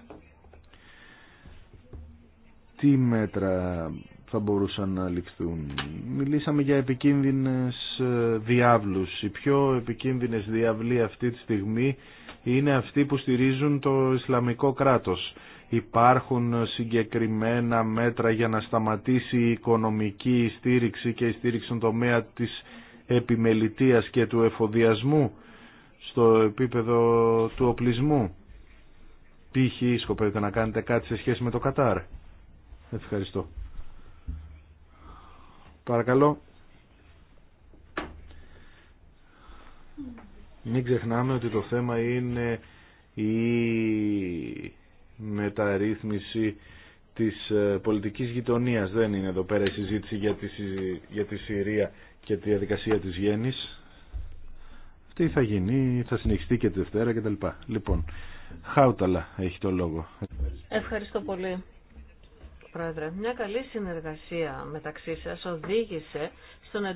Τι μέτρα θα μπορούσαν να ληφθούν. Μιλήσαμε για επικίνδυνες ε, διάβλους. Οι πιο επικίνδυνες διάβλοι αυτή τη στιγμή είναι αυτοί που στηρίζουν το Ισλαμικό κράτος. Υπάρχουν συγκεκριμένα μέτρα για να σταματήσει η οικονομική στήριξη και η στήριξη στον τομέα της επιμελητίας και του εφοδιασμού στο επίπεδο του οπλισμού. Π.χ. σκοπεύετε να κάνετε κάτι σε σχέση με το Κατάρ. Ευχαριστώ. Παρακαλώ. Μην ξεχνάμε ότι το θέμα είναι η μεταρρύθμιση της ε, πολιτικής γειτονίας. Δεν είναι εδώ πέρα η συζήτηση για τη, για τη Συρία και τη διαδικασία της γέννης. Αυτή θα γίνει, θα συνεχιστεί και τη Δευτέρα κτλ. Λοιπόν, Χάουταλα έχει το λόγο. Ευχαριστώ πολύ. Πρόεδρε. Μια καλή συνεργασία μεταξύ σας οδήγησε στο να,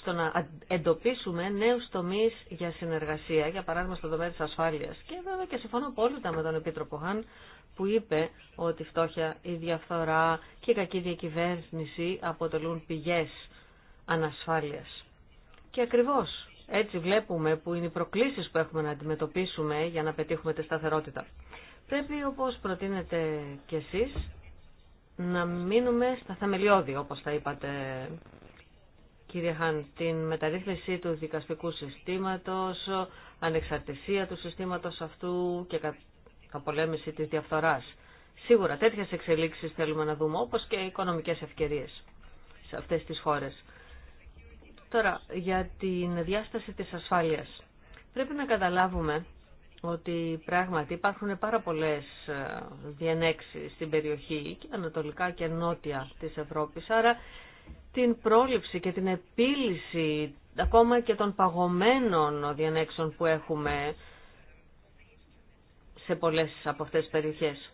στο να εντοπίσουμε νέους τομείς για συνεργασία, για παράδειγμα στο τομέα της ασφάλειας. Και βέβαια και συμφωνώ απόλυτα με τον Επίτροπο Χάν που είπε ότι η φτώχεια, η διαφθορά και η κακή διακυβέρνηση αποτελούν πηγές ανασφάλειας. Και ακριβώς έτσι βλέπουμε που είναι οι προκλήσεις που έχουμε να αντιμετωπίσουμε για να πετύχουμε τη σταθερότητα. Πρέπει όπως προτείνετε κι εσείς να μείνουμε στα θεμελιώδη, όπως τα είπατε, κύριε Χάν, την μεταρρύθμιση του δικαστικού συστήματος, ανεξαρτησία του συστήματος αυτού και καπολέμηση της διαφθοράς. Σίγουρα τέτοιες εξελίξεις θέλουμε να δούμε, όπως και οικονομικές ευκαιρίες σε αυτές τις χώρες. Τώρα, για την διάσταση της ασφάλειας. Πρέπει να καταλάβουμε ότι πράγματι υπάρχουν πάρα πολλές ε, διενέξεις στην περιοχή και ανατολικά και νότια της Ευρώπης. Άρα την πρόληψη και την επίλυση ακόμα και των παγωμένων διενέξεων που έχουμε σε πολλές από αυτές τις περιοχές.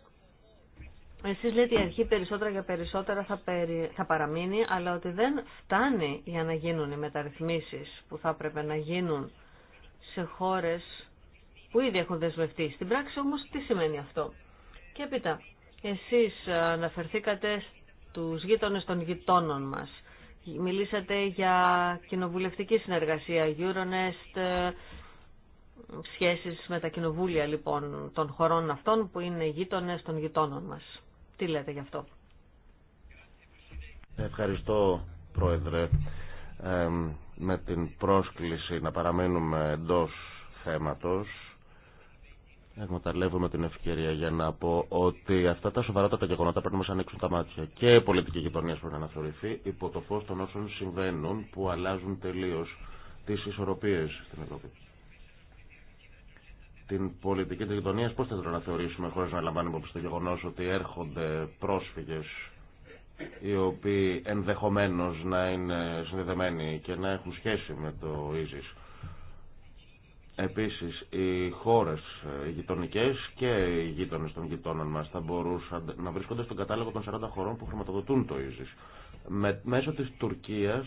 Εσείς λέτε η αρχή περισσότερα για περισσότερα θα, παραμείνει, αλλά ότι δεν φτάνει για να γίνουν οι μεταρρυθμίσεις που θα έπρεπε να γίνουν σε χώρες που ήδη έχουν δεσμευτεί. Στην πράξη όμως τι σημαίνει αυτό. Και έπειτα, εσείς αναφερθήκατε στους γείτονες των γειτόνων μας. Μιλήσατε για κοινοβουλευτική συνεργασία, Euronest, ε, σχέσεις με τα κοινοβούλια λοιπόν των χωρών αυτών που είναι γείτονες των γειτόνων μας. Τι λέτε γι' αυτό. Ευχαριστώ Πρόεδρε. με την πρόσκληση να παραμένουμε εντός θέματος Εκμεταλλεύομαι την ευκαιρία για να πω ότι αυτά τα τα γεγονότα πρέπει να μα ανοίξουν τα μάτια. Και η πολιτική γειτονία πρέπει να αναθεωρηθεί υπό το φω των όσων συμβαίνουν που αλλάζουν τελείω τι ισορροπίε στην Ευρώπη. Την πολιτική τη γειτονία πώ θα την αναθεωρήσουμε χωρί να λαμβάνουμε υπόψη το γεγονό ότι έρχονται πρόσφυγε οι οποίοι ενδεχομένω να είναι συνδεδεμένοι και να έχουν σχέση με το ΙΖΙΣ. Επίσης, οι χώρες ε, γειτονικέ και οι γείτονες των γειτόνων μας θα μπορούσαν να βρίσκονται στον κατάλογο των 40 χωρών που χρηματοδοτούν το ΙΖΙΣ. Με, μέσω της Τουρκίας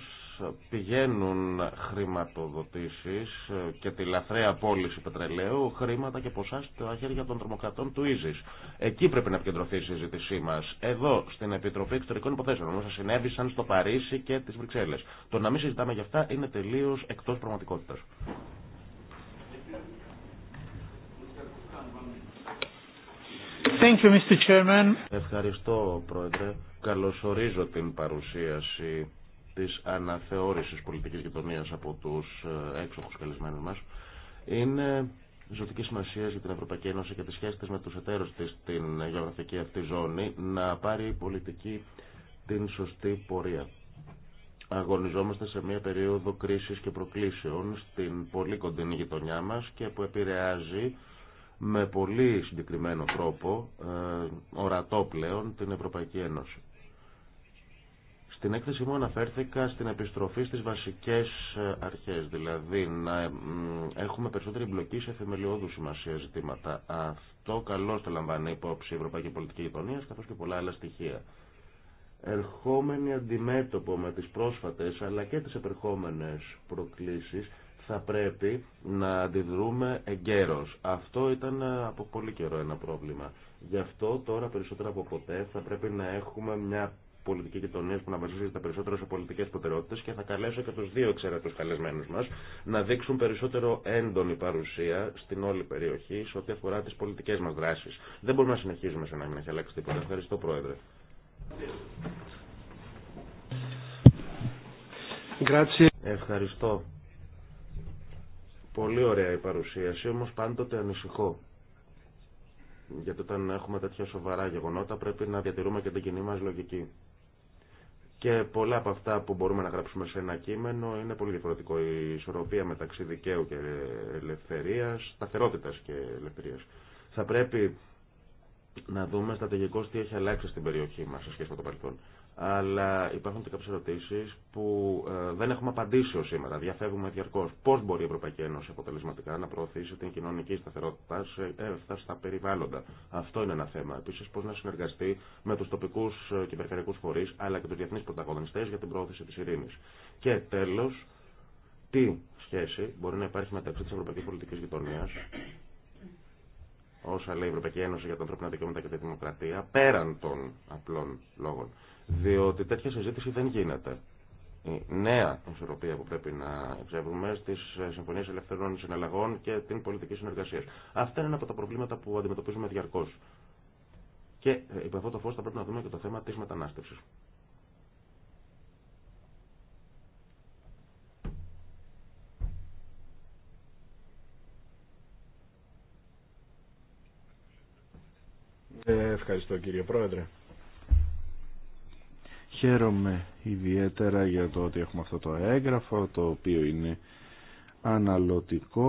πηγαίνουν χρηματοδοτήσεις ε, και τη λαθρέα πώληση πετρελαίου, χρήματα και ποσά στα χέρια των τρομοκρατών του ΙΖΙΣ. Εκεί πρέπει να επικεντρωθεί η συζήτησή μας. Εδώ, στην Επιτροπή Εξωτερικών Υποθέσεων, όμως συνέβησαν στο Παρίσι και τις Βρυξέλλες. Το να μην συζητάμε για αυτά είναι τελείω εκτός πραγματικότητα. Mr. Chairman. Ευχαριστώ, Πρόεδρε. Καλωσορίζω την παρουσίαση της αναθεώρησης πολιτικής γειτονίας από τους ε, έξοχους καλεσμένους μας. Είναι ζωτική σημασία για την Ευρωπαϊκή Ένωση και τις σχέσεις με τους εταίρους της στην γεωγραφική αυτή ζώνη να πάρει η πολιτική την σωστή πορεία. Αγωνιζόμαστε σε μια περίοδο κρίσης και προκλήσεων στην πολύ κοντινή γειτονιά μας και που επηρεάζει με πολύ συγκεκριμένο τρόπο, ε, ορατό πλέον, την Ευρωπαϊκή Ένωση. Στην έκθεση μου αναφέρθηκα στην επιστροφή στις βασικές ε, αρχές, δηλαδή να ε, έχουμε περισσότερη εμπλοκή σε θεμελιώδους σημασία ζητήματα. Αυτό καλώς το λαμβάνει υπόψη η Ευρωπαϊκή Πολιτική Γειτονία, καθώς και πολλά άλλα στοιχεία. Ερχόμενοι αντιμέτωπο με τις πρόσφατες αλλά και τις επερχόμενες προκλήσεις, θα πρέπει να αντιδρούμε εγκαίρως. Αυτό ήταν ε, από πολύ καιρό ένα πρόβλημα. Γι' αυτό τώρα περισσότερο από ποτέ θα πρέπει να έχουμε μια πολιτική κοινωνία που να βασίζεται περισσότερο σε πολιτικέ προτεραιότητε και θα καλέσω και του δύο εξαιρετού καλεσμένου μα να δείξουν περισσότερο έντονη παρουσία στην όλη περιοχή σε ό,τι αφορά τι πολιτικέ μα δράσει. Δεν μπορούμε να συνεχίζουμε σε να μην έχει αλλάξει τίποτα. Ευχαριστώ, Πρόεδρε. Ευχαριστώ. Πολύ ωραία η παρουσίαση, όμως πάντοτε ανησυχώ. Γιατί όταν έχουμε τέτοια σοβαρά γεγονότα πρέπει να διατηρούμε και την κοινή μας λογική. Και πολλά από αυτά που μπορούμε να γράψουμε σε ένα κείμενο είναι πολύ διαφορετικό. Η ισορροπία μεταξύ δικαίου και ελευθερίας, σταθερότητα και ελευθερίας. Θα πρέπει να δούμε στρατηγικώς τι έχει αλλάξει στην περιοχή μας σε σχέση με το παρελθόν αλλά υπάρχουν και κάποιε ερωτήσει που ε, δεν έχουμε απαντήσει ω σήμερα. Διαφεύγουμε διαρκώ. Πώ μπορεί η Ευρωπαϊκή Ένωση αποτελεσματικά να προωθήσει την κοινωνική σταθερότητα σε ε, στα περιβάλλοντα. Αυτό είναι ένα θέμα. Επίση, πώ να συνεργαστεί με του τοπικού ε, περιφερειακού φορεί αλλά και του διεθνεί πρωταγωνιστέ για την προώθηση τη ειρήνη. Και τέλο, τι σχέση μπορεί να υπάρχει μεταξύ τη Ευρωπαϊκή Πολιτική Γειτονία όσα λέει η Ευρωπαϊκή Ένωση για τα ανθρώπινα δικαιώματα και τη δημοκρατία, πέραν των απλών λόγων. Διότι τέτοια συζήτηση δεν γίνεται. Η νέα ισορροπία που πρέπει να εξεύρουμε στι συμφωνίε ελευθερών συναλλαγών και την πολιτική συνεργασία. Αυτά είναι ένα από τα προβλήματα που αντιμετωπίζουμε διαρκώ. Και ε, υπό αυτό το φω θα πρέπει να δούμε και το θέμα τη μετανάστευση. Ε, ευχαριστώ κύριε Πρόεδρε. Χαίρομαι ιδιαίτερα για το ότι έχουμε αυτό το έγγραφο, το οποίο είναι αναλωτικό,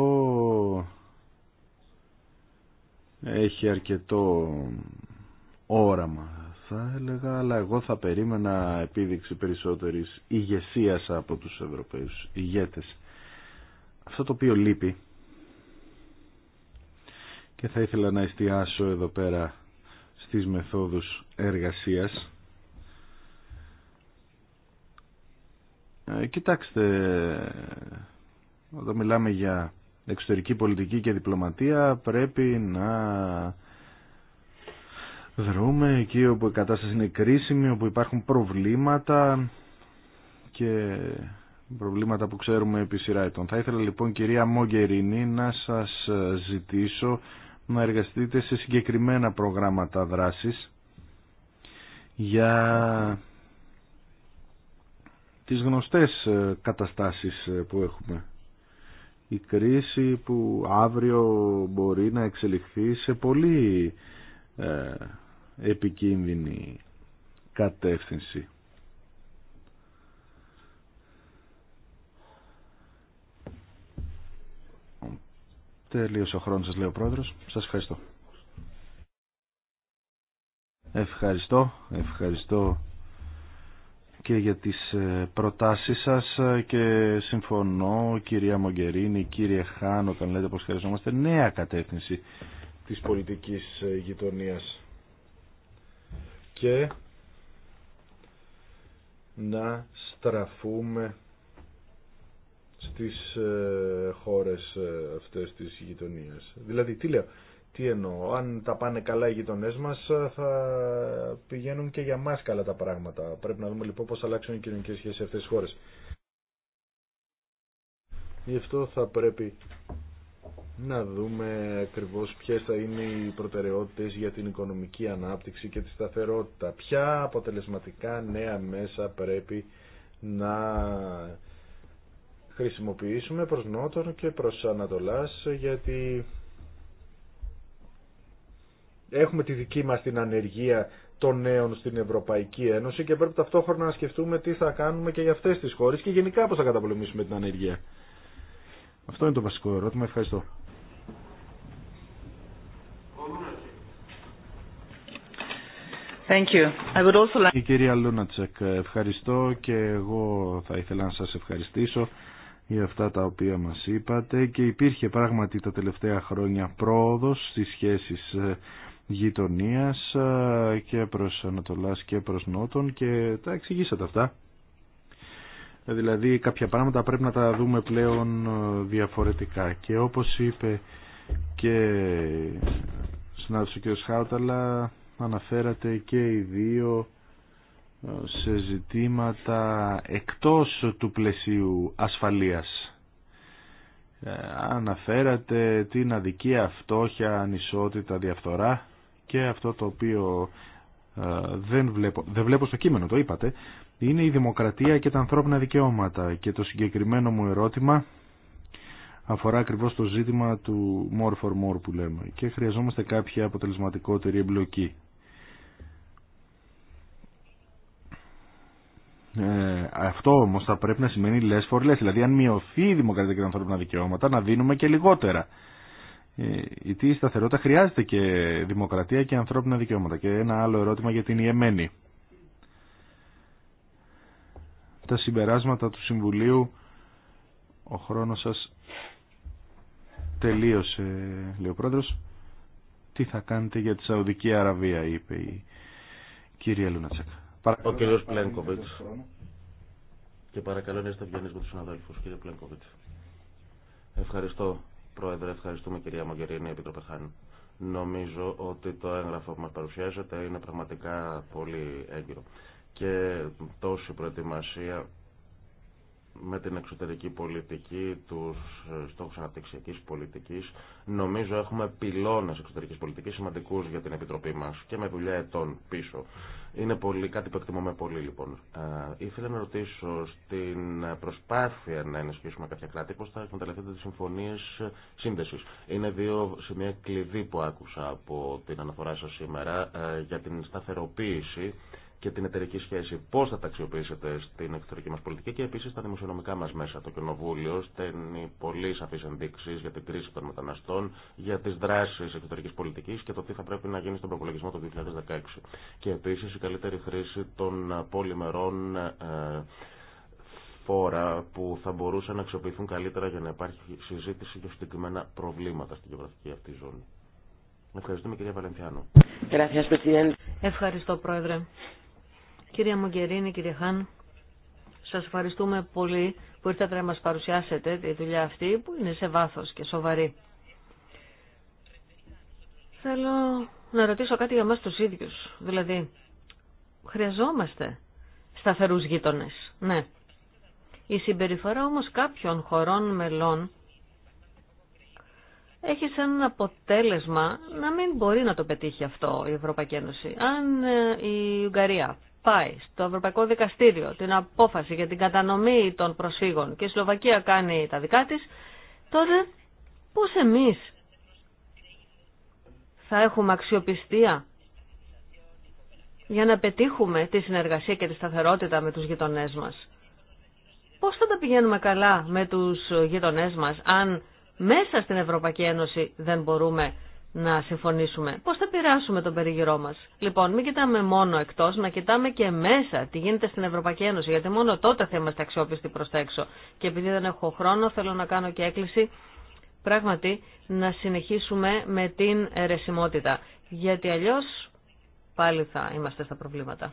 έχει αρκετό όραμα θα έλεγα, αλλά εγώ θα περίμενα επίδειξη περισσότερης ηγεσία από τους Ευρωπαίους ηγέτες. Αυτό το οποίο λείπει και θα ήθελα να εστιάσω εδώ πέρα στις μεθόδους εργασίας Ε, κοιτάξτε, όταν μιλάμε για εξωτερική πολιτική και διπλωματία πρέπει να δρούμε εκεί όπου η κατάσταση είναι κρίσιμη, όπου υπάρχουν προβλήματα και προβλήματα που ξέρουμε επί σειρά ετών. Θα ήθελα λοιπόν κυρία Μογκερίνη να σας ζητήσω να εργαστείτε σε συγκεκριμένα προγράμματα δράσης για τις γνωστές ε, καταστάσεις ε, που έχουμε. Η κρίση που αύριο μπορεί να εξελιχθεί σε πολύ ε, επικίνδυνη κατεύθυνση. Τελείωσε ο χρόνος σας λέει ο πρόεδρος. Σας ευχαριστώ. Ευχαριστώ, ευχαριστώ και για τις ε, προτάσεις σας ε, και συμφωνώ κυρία Μογκερίνη, κύριε Χάν όταν λέτε πως χρειαζόμαστε νέα κατεύθυνση της πολιτικής ε, γειτονίας και να στραφούμε στις χώρες αυτές της γειτονίας. Δηλαδή τι λέω, τι εννοώ, αν τα πάνε καλά οι γειτονέ μα, θα πηγαίνουν και για μας καλά τα πράγματα. Πρέπει να δούμε λοιπόν πώ αλλάξουν οι κοινωνικέ σχέσεις σε αυτές τις χώρε. Γι' αυτό θα πρέπει να δούμε ακριβώ ποιε θα είναι οι προτεραιότητες για την οικονομική ανάπτυξη και τη σταθερότητα. Ποια αποτελεσματικά νέα μέσα πρέπει να χρησιμοποιήσουμε προς Νότον και προς Ανατολάς γιατί έχουμε τη δική μας την ανεργία των νέων στην Ευρωπαϊκή Ένωση και πρέπει ταυτόχρονα να σκεφτούμε τι θα κάνουμε και για αυτές τις χώρες και γενικά πώς θα καταπολεμήσουμε την ανεργία. Αυτό είναι το βασικό ερώτημα. Ευχαριστώ. Thank you. I would also like... Η κυρία Λούνατσεκ, ευχαριστώ και εγώ θα ήθελα να σας ευχαριστήσω για αυτά τα οποία μας είπατε και υπήρχε πράγματι τα τελευταία χρόνια πρόοδος στις σχέσεις ε, Γειτονία ε, και προς Ανατολάς και προς Νότον και τα εξηγήσατε αυτά. Ε, δηλαδή κάποια πράγματα πρέπει να τα δούμε πλέον ε, διαφορετικά και όπως είπε και συνάδελφος ο κ. Χάουταλα αναφέρατε και οι δύο σε ζητήματα εκτός του πλαισίου ασφαλείας. αναφέρατε την αδικία, φτώχεια, ανισότητα, διαφθορά και αυτό το οποίο ε, δεν βλέπω, δεν βλέπω στο κείμενο, το είπατε, είναι η δημοκρατία και τα ανθρώπινα δικαιώματα και το συγκεκριμένο μου ερώτημα αφορά ακριβώς το ζήτημα του more for more που λέμε και χρειαζόμαστε κάποια αποτελεσματικότερη εμπλοκή. Ε, αυτό όμως θα πρέπει να σημαίνει less for less, δηλαδή αν μειωθεί η δημοκρατία και τα ανθρώπινα δικαιώματα να δίνουμε και λιγότερα. Ε, η σταθερότητα χρειάζεται και δημοκρατία και ανθρώπινα δικαιώματα. Και ένα άλλο ερώτημα για την Ιεμένη. Τα συμπεράσματα του Συμβουλίου, ο χρόνος σας τελείωσε, λέει ο Τι θα κάνετε για τη Σαουδική Αραβία, είπε η κυρία Λουνατσέκ. Ο κύριος Πλένκοβιτς. Και παρακαλώ να είστε ευγενείς με τους συναδέλφους, κύριε Πλένκοβιτς. Ευχαριστώ, Πρόεδρε, ευχαριστούμε κυρία Μογκερίνη, Επίτροπε Χάνη. Νομίζω ότι το έγγραφο που μα παρουσιάζεται είναι πραγματικά πολύ έγκυρο. Και τόση προετοιμασία με την εξωτερική πολιτική, τους στόχους αναπτυξιακής πολιτικής. Νομίζω έχουμε πυλώνες εξωτερικής πολιτικής σημαντικούς για την Επιτροπή μας και με δουλειά ετών πίσω. Είναι πολύ, κάτι που εκτιμούμε πολύ λοιπόν. Ε, ήθελα να ρωτήσω στην προσπάθεια να ενισχύσουμε κάποια κράτη πώς θα εκμεταλλευτείτε τις συμφωνίες σύνδεσης. Είναι δύο σημεία κλειδί που άκουσα από την αναφορά σας σήμερα ε, για την σταθεροποίηση και την εταιρική σχέση. Πώ θα τα αξιοποιήσετε στην εξωτερική μα πολιτική και επίση στα δημοσιονομικά μα μέσα. Το Κοινοβούλιο στέλνει πολύ σαφεί ενδείξει για την κρίση των μεταναστών, για τι δράσει εξωτερική πολιτική και το τι θα πρέπει να γίνει στον προπολογισμό του 2016. Και επίση η καλύτερη χρήση των πολυμερών ε, φόρα που θα μπορούσαν να αξιοποιηθούν καλύτερα για να υπάρχει συζήτηση για συγκεκριμένα προβλήματα στην γεωγραφική αυτή ζώνη. Ευχαριστούμε κυρία Βαλεντιάνο. Ευχαριστώ πρόεδρε. Κύριε Μογκερίνη, κύριε Χάν, σας ευχαριστούμε πολύ που ήρθατε να μας παρουσιάσετε τη δουλειά αυτή που είναι σε βάθος και σοβαρή. Θέλω να ρωτήσω κάτι για μας τους ίδιους. Δηλαδή, χρειαζόμαστε σταθερούς γείτονες. Ναι. Η συμπεριφορά όμως κάποιων χωρών μελών έχει σαν αποτέλεσμα να μην μπορεί να το πετύχει αυτό η Ευρωπαϊκή Ένωση. Αν ε, η Ουγγαρία πάει στο Ευρωπαϊκό Δικαστήριο την απόφαση για την κατανομή των προσφύγων και η Σλοβακία κάνει τα δικά της, τότε πώς εμείς θα έχουμε αξιοπιστία για να πετύχουμε τη συνεργασία και τη σταθερότητα με τους γειτονές μας. Πώς θα τα πηγαίνουμε καλά με τους γειτονές μας αν μέσα στην Ευρωπαϊκή Ένωση δεν μπορούμε να συμφωνήσουμε. Πώς θα πειράσουμε τον περιγυρό μας. Λοιπόν, μην κοιτάμε μόνο εκτός, να κοιτάμε και μέσα τι γίνεται στην Ευρωπαϊκή Ένωση, γιατί μόνο τότε θα είμαστε αξιόπιστοι προς τα έξω. Και επειδή δεν έχω χρόνο, θέλω να κάνω και έκκληση πράγματι να συνεχίσουμε με την αιρεσιμότητα, γιατί αλλιώς πάλι θα είμαστε στα προβλήματα.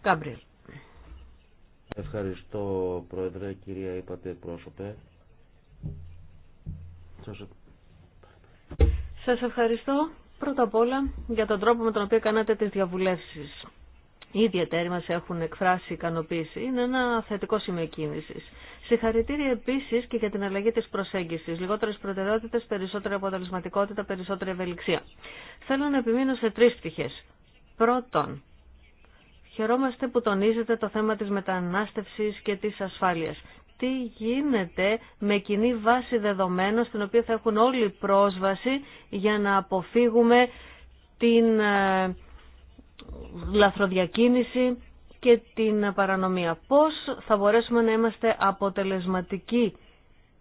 Καμπρίλ. Ευχαριστώ, Πρόεδρε, κυρία Είπατε, πρόσωπε. Σας ευχαριστώ πρώτα απ' όλα για τον τρόπο με τον οποίο κάνατε τις διαβουλεύσεις. Οι ιδιαίτεροι μας έχουν εκφράσει ικανοποίηση. Είναι ένα θετικό σημείο κίνηση. Συγχαρητήρια επίση και για την αλλαγή τη προσέγγιση. Λιγότερε προτεραιότητε, περισσότερη αποτελεσματικότητα, περισσότερη ευελιξία. Θέλω να επιμείνω σε τρει πτυχέ. Πρώτον, χαιρόμαστε που τονίζετε το θέμα της μετανάστευσης και της ασφάλειας τι γίνεται με κοινή βάση δεδομένων στην οποία θα έχουν όλοι πρόσβαση για να αποφύγουμε την ε, λαθροδιακίνηση και την παρανομία. Πώς θα μπορέσουμε να είμαστε αποτελεσματικοί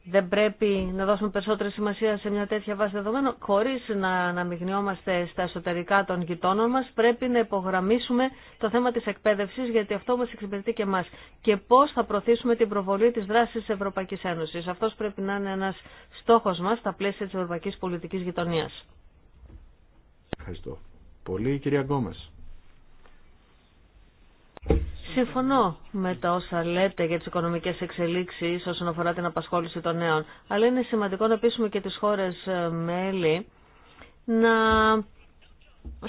δεν πρέπει να δώσουμε περισσότερη σημασία σε μια τέτοια βάση δεδομένων, χωρίς να αναμειγνιόμαστε στα εσωτερικά των γειτόνων μας, πρέπει να υπογραμμίσουμε το θέμα της εκπαίδευσης, γιατί αυτό μας εξυπηρετεί και εμάς. Και πώς θα προωθήσουμε την προβολή της δράσης της Ευρωπαϊκής Ένωσης. Αυτός πρέπει να είναι ένας στόχος μας στα πλαίσια της Ευρωπαϊκής Πολιτικής Γειτονίας. Ευχαριστώ. Πολύ κυρία Γκόμες. Συμφωνώ με τα όσα λέτε για τις οικονομικές εξελίξεις όσον αφορά την απασχόληση των νέων, αλλά είναι σημαντικό να πείσουμε και τις χώρες ε, μέλη να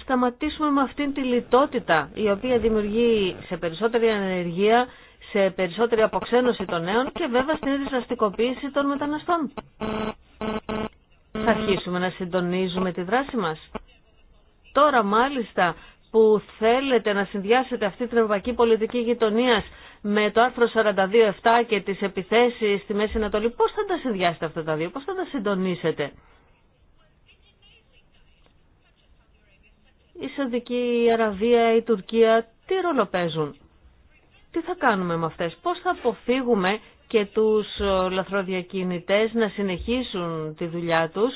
σταματήσουμε με αυτήν τη λιτότητα η οποία δημιουργεί σε περισσότερη ανεργία, σε περισσότερη αποξένωση των νέων και βέβαια στην αστικοποίηση των μεταναστών. Θα αρχίσουμε να συντονίζουμε τη δράση μας. Τώρα μάλιστα που θέλετε να συνδυάσετε αυτή την ευρωπαϊκή πολιτική γειτονία με το άρθρο 42.7 και τις επιθέσεις στη Μέση Ανατολή, πώς θα τα συνδυάσετε αυτά τα δύο, πώς θα τα συντονίσετε. Η Σαουδική Αραβία, η Τουρκία, τι ρόλο παίζουν. Τι θα κάνουμε με αυτές, πώς θα αποφύγουμε και τους λαθροδιακινητές να συνεχίσουν τη δουλειά τους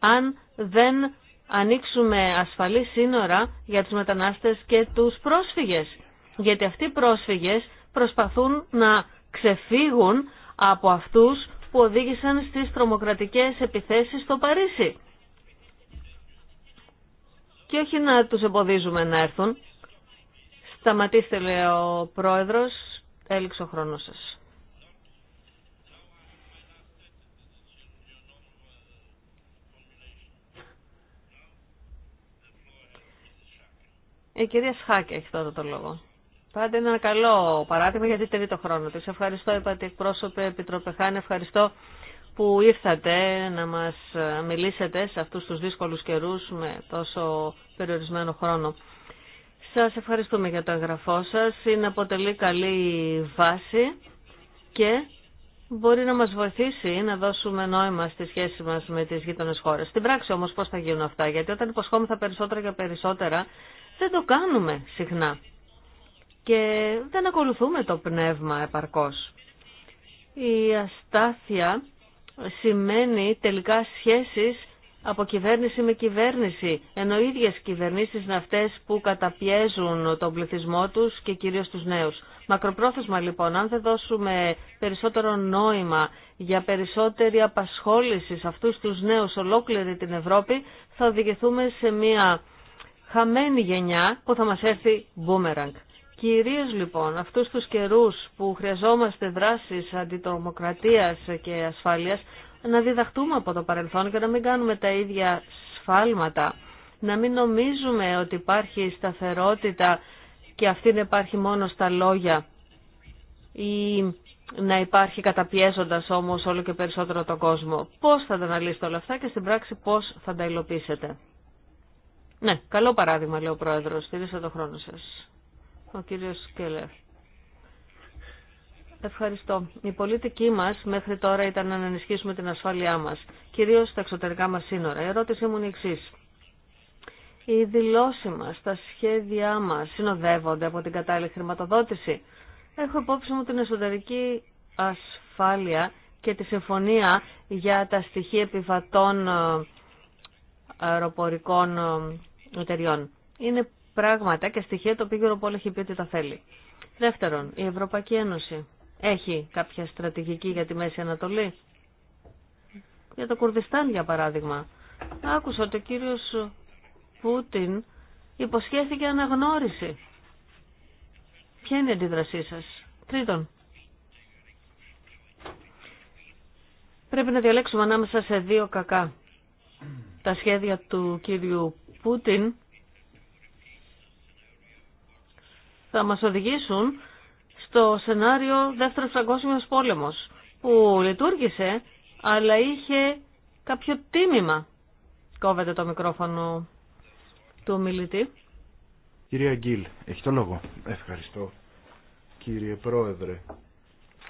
αν δεν ανοίξουμε ασφαλή σύνορα για τους μετανάστες και τους πρόσφυγες. Γιατί αυτοί οι πρόσφυγες προσπαθούν να ξεφύγουν από αυτούς που οδήγησαν στις τρομοκρατικές επιθέσεις στο Παρίσι. Και όχι να τους εμποδίζουμε να έρθουν. Σταματήστε λέει ο πρόεδρος, έληξε ο χρόνος σας. Η κυρία Σχάκ έχει τώρα το λόγο. Πάντα είναι ένα καλό παράδειγμα γιατί τελεί το χρόνο τη. Ευχαριστώ, είπατε εκπρόσωπε Επιτροπε Χάνε, ευχαριστώ που ήρθατε να μας ε, μιλήσετε σε αυτούς τους δύσκολους καιρούς με τόσο περιορισμένο χρόνο. Σας ευχαριστούμε για το εγγραφό σας. Είναι αποτελεί καλή βάση και μπορεί να μας βοηθήσει να δώσουμε νόημα στη σχέση μας με τις γείτονες χώρες. Στην πράξη όμως πώς θα γίνουν αυτά, γιατί όταν υποσχόμεθα περισσότερα και περισσότερα δεν το κάνουμε συχνά και δεν ακολουθούμε το πνεύμα επαρκώς. Η αστάθεια σημαίνει τελικά σχέσεις από κυβέρνηση με κυβέρνηση, ενώ οι ίδιες κυβερνήσεις είναι αυτές που καταπιέζουν τον πληθυσμό τους και κυρίως τους νέους. Μακροπρόθεσμα λοιπόν, αν δεν δώσουμε περισσότερο νόημα για περισσότερη απασχόληση σε αυτούς τους νέους ολόκληρη την Ευρώπη, θα οδηγηθούμε σε μια χαμένη γενιά που θα μας έρθει μπούμεραγκ. Κυρίως λοιπόν αυτούς τους καιρούς που χρειαζόμαστε δράσεις αντιτομοκρατίας και ασφάλειας να διδαχτούμε από το παρελθόν και να μην κάνουμε τα ίδια σφάλματα. Να μην νομίζουμε ότι υπάρχει σταθερότητα και αυτή να υπάρχει μόνο στα λόγια ή να υπάρχει καταπιέζοντας όμως όλο και περισσότερο τον κόσμο. Πώς θα τα αναλύσετε όλα αυτά και στην πράξη πώς θα τα υλοποιήσετε. Ναι, καλό παράδειγμα, λέει ο πρόεδρο. Στηρίζετε το χρόνο σα. Ο κύριο Κέλλερ. Ευχαριστώ. Η πολιτική μα μέχρι τώρα ήταν να ενισχύσουμε την ασφάλειά μα, κυρίω στα εξωτερικά μα σύνορα. Η ερώτησή μου είναι η εξή. Οι δηλώσει μα, τα σχέδιά μα συνοδεύονται από την κατάλληλη χρηματοδότηση. Έχω υπόψη μου την εσωτερική ασφάλεια και τη συμφωνία για τα στοιχεία επιβατών ε, αεροπορικών ε, εταιριών. Είναι πράγματα και στοιχεία το οποίο η έχει πει ότι τα θέλει. Δεύτερον, η Ευρωπαϊκή Ένωση έχει κάποια στρατηγική για τη Μέση Ανατολή. Για το Κουρδιστάν, για παράδειγμα. Άκουσα ότι ο κύριος Πούτιν υποσχέθηκε αναγνώριση. Ποια είναι η αντίδρασή σας. Τρίτον, πρέπει να διαλέξουμε ανάμεσα σε δύο κακά. Τα σχέδια του κύριου Πούτιν θα μας οδηγήσουν στο σενάριο Δεύτερος Παγκόσμιος Πόλεμος που λειτουργήσε αλλά είχε κάποιο τίμημα. Κόβεται το μικρόφωνο του μιλητή. Κυρία Γκίλ, έχει το λόγο. Ευχαριστώ. Κύριε Πρόεδρε,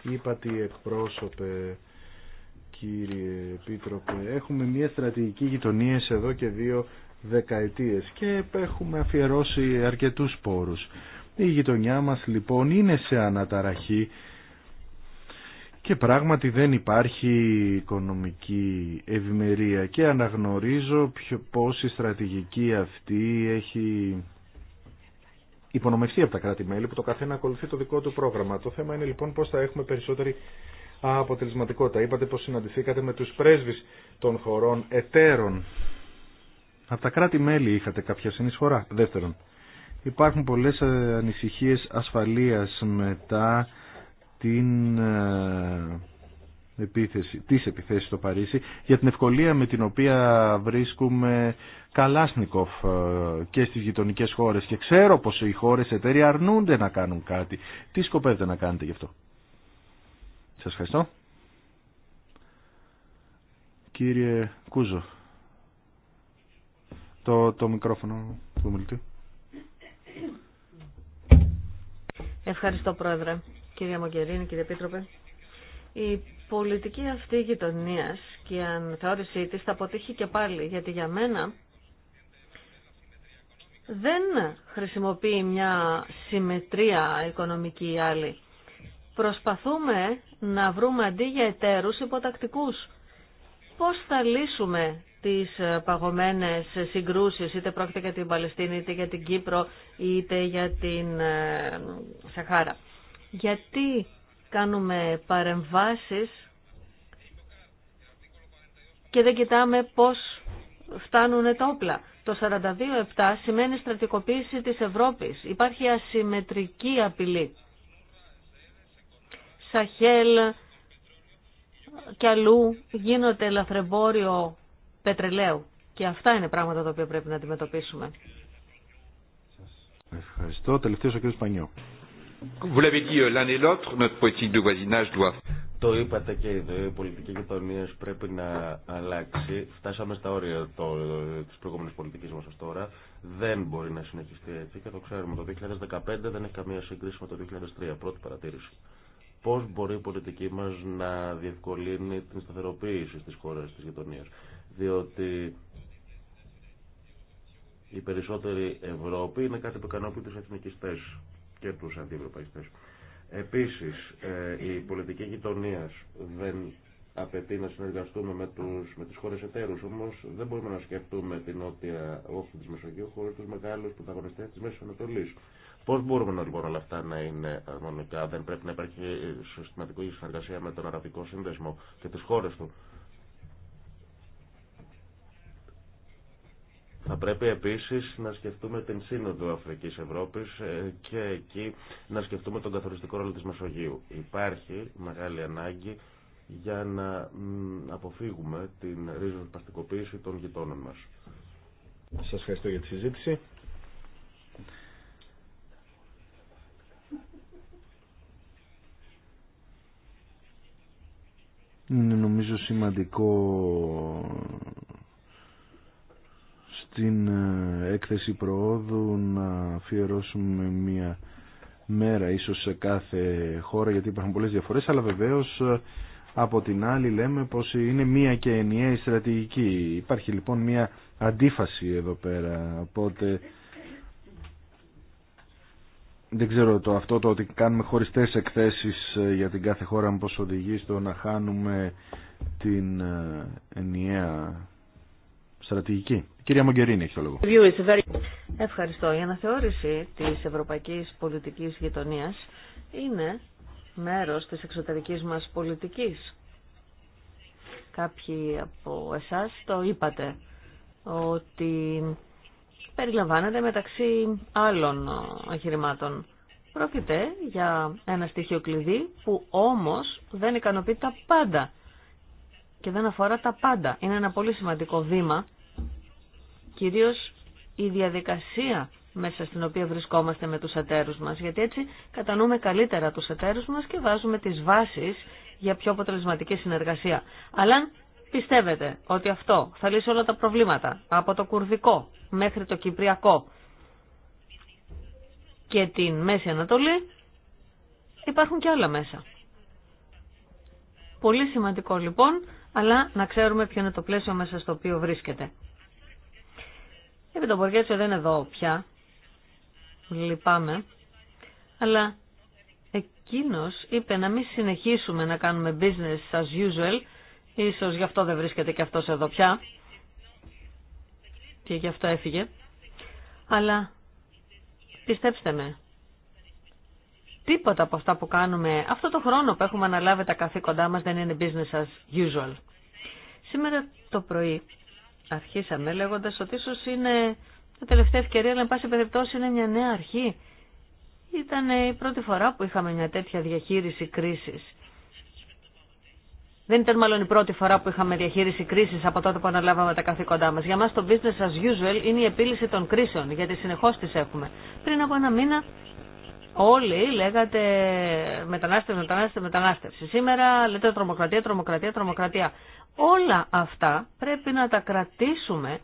είπατε εκπρόσωπε, κύριε Επίτροπε, έχουμε μια στρατηγική γειτονία εδώ και δύο δεκαετίες και έχουμε αφιερώσει αρκετούς πόρους. Η γειτονιά μας λοιπόν είναι σε αναταραχή και πράγματι δεν υπάρχει οικονομική ευημερία και αναγνωρίζω ποιο, πώς η στρατηγική αυτή έχει υπονομευθεί από τα κράτη-μέλη που το καθένα ακολουθεί το δικό του πρόγραμμα. Το θέμα είναι λοιπόν πώς θα έχουμε περισσότερη αποτελεσματικότητα. Είπατε πως συναντηθήκατε με τους πρέσβεις των χωρών εταίρων από τα κράτη-μέλη είχατε κάποια συνεισφορά. Δεύτερον, υπάρχουν πολλές ε, ανησυχίες ασφαλείας μετά την ε, επίθεση, τις επιθέσεις στο Παρίσι για την ευκολία με την οποία βρίσκουμε Καλάσνικοφ ε, και στις γειτονικέ χώρες και ξέρω πως οι χώρες εταίροι αρνούνται να κάνουν κάτι. Τι σκοπεύετε να κάνετε γι' αυτό. Σας ευχαριστώ. Κύριε Κούζο το, το μικρόφωνο του ομιλητή. Ευχαριστώ Πρόεδρε, κυρία Μογκερίνη, κύριε Επίτροπε. Η πολιτική αυτή γειτονία και η ανθεώρησή τη θα αποτύχει και πάλι, γιατί για μένα δεν χρησιμοποιεί μια συμμετρία οικονομική ή άλλη. Προσπαθούμε να βρούμε αντί για εταίρους υποτακτικούς. Πώς θα λύσουμε τις ε, παγωμένες συγκρούσεις, είτε πρόκειται για την Παλαιστίνη, είτε για την Κύπρο, είτε για την ε, Σαχάρα. Γιατί κάνουμε παρεμβάσεις και δεν κοιτάμε πώς φτάνουν τα όπλα. Το 42-7 σημαίνει στρατικοποίηση της Ευρώπης. Υπάρχει ασυμμετρική απειλή. Σαχέλ και αλλού γίνονται λαθρεμπόριο πετρελαίου. Και αυτά είναι πράγματα τα οποία πρέπει να αντιμετωπίσουμε. Ευχαριστώ. Τελευταίο ο κ. Σπανιό. Euh, το είπατε και η πολιτική γειτονία πρέπει να αλλάξει. Φτάσαμε στα όρια τη προηγούμενη πολιτική μα τώρα. Δεν μπορεί να συνεχιστεί έτσι και το ξέρουμε. Το 2015 δεν έχει καμία σύγκριση με το 2003. Πρώτη παρατήρηση. Πώ μπορεί η πολιτική μα να διευκολύνει την σταθεροποίηση στι χώρε τη γειτονία διότι η περισσότερη Ευρώπη είναι κάτι που ικανοποιεί τους εθνικιστές και τους αντιευρωπαϊστές. Επίσης, ε, η πολιτική γειτονία δεν απαιτεί να συνεργαστούμε με, τους, με τις χώρες εταίρους, όμως δεν μπορούμε να σκεφτούμε την νότια όχθη της Μεσογείου χωρίς τους μεγάλους πρωταγωνιστές της Μέσης Ανατολής. Πώ μπορούμε λοιπόν όλα αυτά να είναι αρμονικά, δεν πρέπει να υπάρχει συστηματική συνεργασία με τον Αραβικό Σύνδεσμο και τι χώρε του. Θα πρέπει επίσης να σκεφτούμε την Σύνοδο Αφρικής Ευρώπης ε, και εκεί να σκεφτούμε τον καθοριστικό ρόλο της Μεσογείου. Υπάρχει μεγάλη ανάγκη για να αποφύγουμε την ρίζοσπαστικοποίηση των γειτόνων μας. Σας ευχαριστώ για τη συζήτηση. Είναι νομίζω σημαντικό στην ε, έκθεση προόδου να αφιερώσουμε μια μέρα ίσως σε κάθε χώρα γιατί υπάρχουν πολλές διαφορές αλλά βεβαίως ε, από την άλλη λέμε πως είναι μία και ενιαία η στρατηγική. Υπάρχει λοιπόν μία αντίφαση εδώ πέρα οπότε δεν ξέρω το αυτό το ότι κάνουμε χωριστές εκθέσεις ε, για την κάθε χώρα πως οδηγεί στο να χάνουμε την ενιαία στρατηγική. Κυρία Μογκερίνη, έχει το λόγο. Ευχαριστώ. Η αναθεώρηση τη Ευρωπαϊκή Πολιτική γειτονία είναι μέρο τη εξωτερική μα πολιτική. Κάποιοι από εσά το είπατε ότι περιλαμβάνεται μεταξύ άλλων εγχειρημάτων. Πρόκειται για ένα στοιχείο κλειδί που όμως δεν ικανοποιεί τα πάντα και δεν αφορά τα πάντα. Είναι ένα πολύ σημαντικό βήμα κυρίως η διαδικασία μέσα στην οποία βρισκόμαστε με τους εταίρους μας, γιατί έτσι κατανοούμε καλύτερα τους εταίρους μας και βάζουμε τις βάσεις για πιο αποτελεσματική συνεργασία. Αλλά αν πιστεύετε ότι αυτό θα λύσει όλα τα προβλήματα, από το κουρδικό μέχρι το κυπριακό και την Μέση Ανατολή, υπάρχουν και άλλα μέσα. Πολύ σημαντικό λοιπόν, αλλά να ξέρουμε ποιο είναι το πλαίσιο μέσα στο οποίο βρίσκεται. Επειδή το Μποργέτσιο δεν είναι εδώ πια, λυπάμαι, αλλά εκείνος είπε να μην συνεχίσουμε να κάνουμε business as usual, ίσως γι' αυτό δεν βρίσκεται και αυτός εδώ πια και γι' αυτό έφυγε, αλλά πιστέψτε με, τίποτα από αυτά που κάνουμε αυτό το χρόνο που έχουμε αναλάβει τα καθήκοντά μας δεν είναι business as usual. Σήμερα το πρωί αρχίσαμε λέγοντας ότι ίσω είναι η τελευταία ευκαιρία, αλλά εν πάση περιπτώσει είναι μια νέα αρχή. Ήταν η πρώτη φορά που είχαμε μια τέτοια διαχείριση κρίσης. Δεν ήταν μάλλον η πρώτη φορά που είχαμε διαχείριση κρίση από τότε που αναλάβαμε τα καθήκοντά μα. Για μα το business as usual είναι η επίλυση των κρίσεων, γιατί συνεχώ τι έχουμε. Πριν από ένα μήνα Όλοι λέγατε μετανάστευση, μετανάστευση, μετανάστευση. Σήμερα λέτε τρομοκρατία, τρομοκρατία, τρομοκρατία. Όλα αυτά πρέπει να τα κρατήσουμε,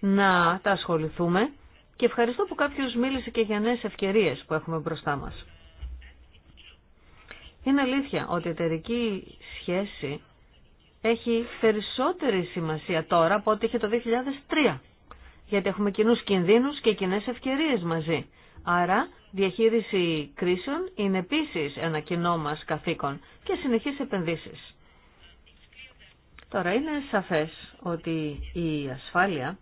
να τα ασχοληθούμε και ευχαριστώ που κάποιος μίλησε και για νέες ευκαιρίες που έχουμε μπροστά μας. Είναι αλήθεια ότι η εταιρική σχέση έχει περισσότερη σημασία τώρα από ό,τι είχε το 2003. Γιατί έχουμε κοινού κινδύνους και κοινέ ευκαιρίες μαζί. Άρα διαχείριση κρίσεων είναι επίσης ένα κοινό μας καθήκον και συνεχείς επενδύσεις. Τώρα είναι σαφές ότι η ασφάλεια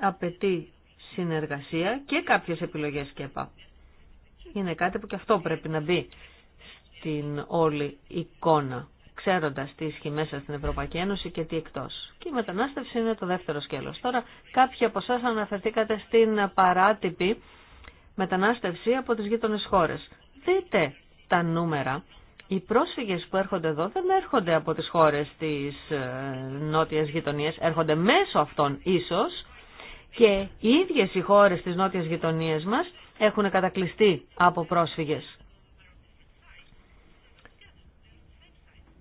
απαιτεί συνεργασία και κάποιες επιλογές ΚΕΠΑ. Είναι κάτι που και αυτό πρέπει να μπει στην όλη εικόνα, ξέροντας τι ισχύει μέσα στην Ευρωπαϊκή Ένωση και τι εκτός. Και η μετανάστευση είναι το δεύτερο σκέλος. Τώρα κάποιοι από εσά αναφερθήκατε στην παράτυπη μετανάστευση από τις γείτονες χώρες. Δείτε τα νούμερα. Οι πρόσφυγες που έρχονται εδώ δεν έρχονται από τις χώρες της ε, νότιας γειτονίας, έρχονται μέσω αυτών ίσως και οι ίδιες οι χώρες της νότιας γειτονίας μας έχουν κατακλειστεί από πρόσφυγες.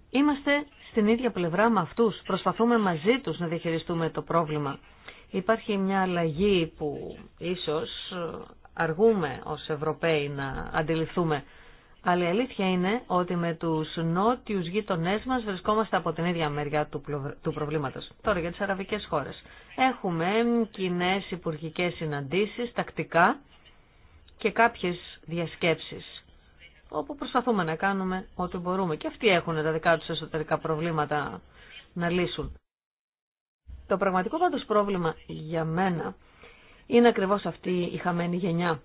Είμαστε στην ίδια πλευρά με αυτούς, προσπαθούμε μαζί τους να διαχειριστούμε το πρόβλημα. Υπάρχει μια αλλαγή που ίσως ε, αργούμε ως Ευρωπαίοι να αντιληφθούμε. Αλλά η αλήθεια είναι ότι με τους νότιους γείτονές μας βρισκόμαστε από την ίδια μεριά του προβλήματος. Τώρα για τις αραβικές χώρες. Έχουμε κοινέ υπουργικέ συναντήσεις, τακτικά και κάποιες διασκέψεις όπου προσπαθούμε να κάνουμε ό,τι μπορούμε. Και αυτοί έχουν τα δικά τους εσωτερικά προβλήματα να λύσουν. Το πραγματικό πάντως πρόβλημα για μένα είναι ακριβώς αυτή η χαμένη γενιά.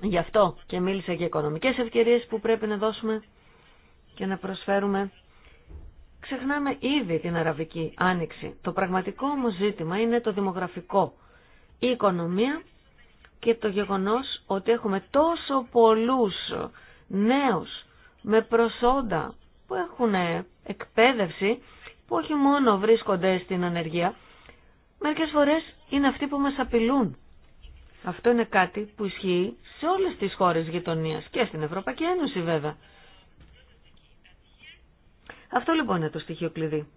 Γι' αυτό και μίλησα για οικονομικές ευκαιρίες που πρέπει να δώσουμε και να προσφέρουμε. Ξεχνάμε ήδη την Αραβική Άνοιξη. Το πραγματικό όμως ζήτημα είναι το δημογραφικό. Η οικονομία και το γεγονός ότι έχουμε τόσο πολλούς νέους με προσόντα που έχουν εκπαίδευση που όχι μόνο βρίσκονται στην ανεργία μερικές φορές είναι αυτοί που μας απειλούν. Αυτό είναι κάτι που ισχύει σε όλες τις χώρες γειτονίας και στην Ευρωπαϊκή Ένωση βέβαια. Αυτό λοιπόν είναι το στοιχείο κλειδί.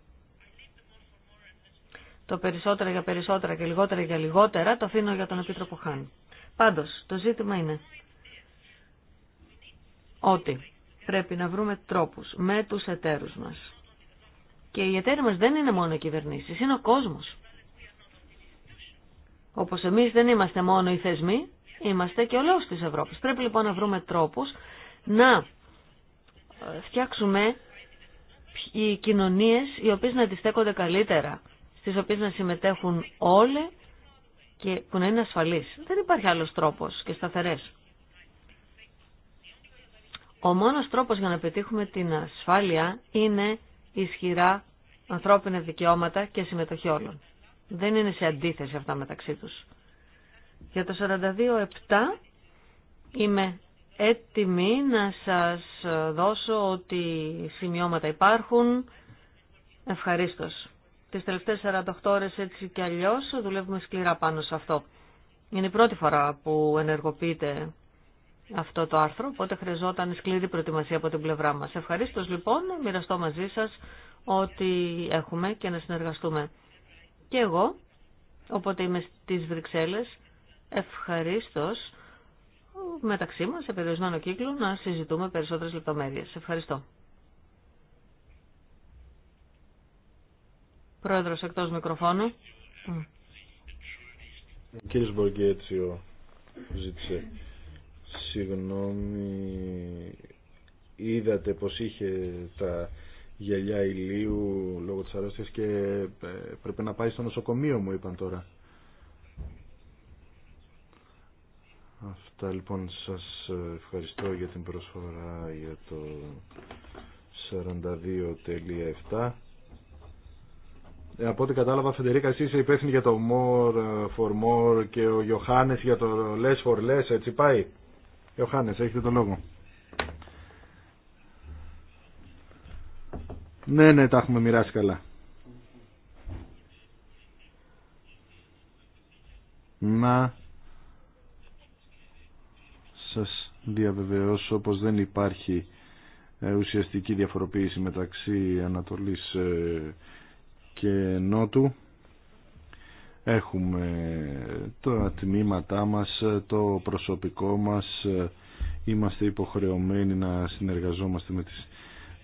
Το περισσότερα για περισσότερα και λιγότερα για λιγότερα το αφήνω για τον Επίτροπο Χάν. Πάντως, το ζήτημα είναι ότι πρέπει να βρούμε τρόπους με τους εταίρους μας. Και οι εταίροι μας δεν είναι μόνο οι κυβερνήσεις, είναι ο κόσμος. Όπως εμείς δεν είμαστε μόνο οι θεσμοί, είμαστε και ο λαός της Ευρώπης. Πρέπει λοιπόν να βρούμε τρόπους να ε, φτιάξουμε οι κοινωνίες οι οποίες να αντιστέκονται καλύτερα, στις οποίες να συμμετέχουν όλοι και που να είναι ασφαλείς. Δεν υπάρχει άλλος τρόπος και σταθερές. Ο μόνος τρόπος για να πετύχουμε την ασφάλεια είναι ισχυρά ανθρώπινα δικαιώματα και συμμετοχή όλων. Δεν είναι σε αντίθεση αυτά μεταξύ τους. Για το 42-7 είμαι έτοιμη να σας δώσω ότι σημειώματα υπάρχουν. Ευχαρίστως. Τις τελευταίες 48 ώρες έτσι και αλλιώς δουλεύουμε σκληρά πάνω σε αυτό. Είναι η πρώτη φορά που ενεργοποιείται αυτό το άρθρο, οπότε χρειαζόταν σκληρή προετοιμασία από την πλευρά μας. Ευχαρίστως λοιπόν μοιραστώ μαζί σας ότι έχουμε και να συνεργαστούμε. Και εγώ, όποτε είμαι στις Βρυξέλλες, ευχαρίστως μεταξύ μας, σε περιορισμένο κύκλο, να συζητούμε περισσότερες λεπτομέρειες. Ευχαριστώ. Πρόεδρος εκτός μικροφώνου. Κύριε κύριος Μποργέτσιο ζήτησε συγγνώμη είδατε πως είχε τα γελιά ηλίου λόγω της αρρώστιας και ε, πρέπει να πάει στο νοσοκομείο μου είπαν τώρα. Αυτά λοιπόν σας ε, ευχαριστώ για την προσφορά για το 42.7. Ε, από ό,τι κατάλαβα, Φεντερίκα, εσύ είσαι υπεύθυνη για το More ε, for More και ο Ιωάννης για το Less for Less, έτσι πάει. Ιωάννης έχετε το λόγο. Ναι, ναι, τα έχουμε μοιράσει καλά. Να σας διαβεβαιώσω πως δεν υπάρχει ε, ουσιαστική διαφοροποίηση μεταξύ Ανατολής ε, και Νότου. Έχουμε τα τμήματά μας, το προσωπικό μας, ε, είμαστε υποχρεωμένοι να συνεργαζόμαστε με τις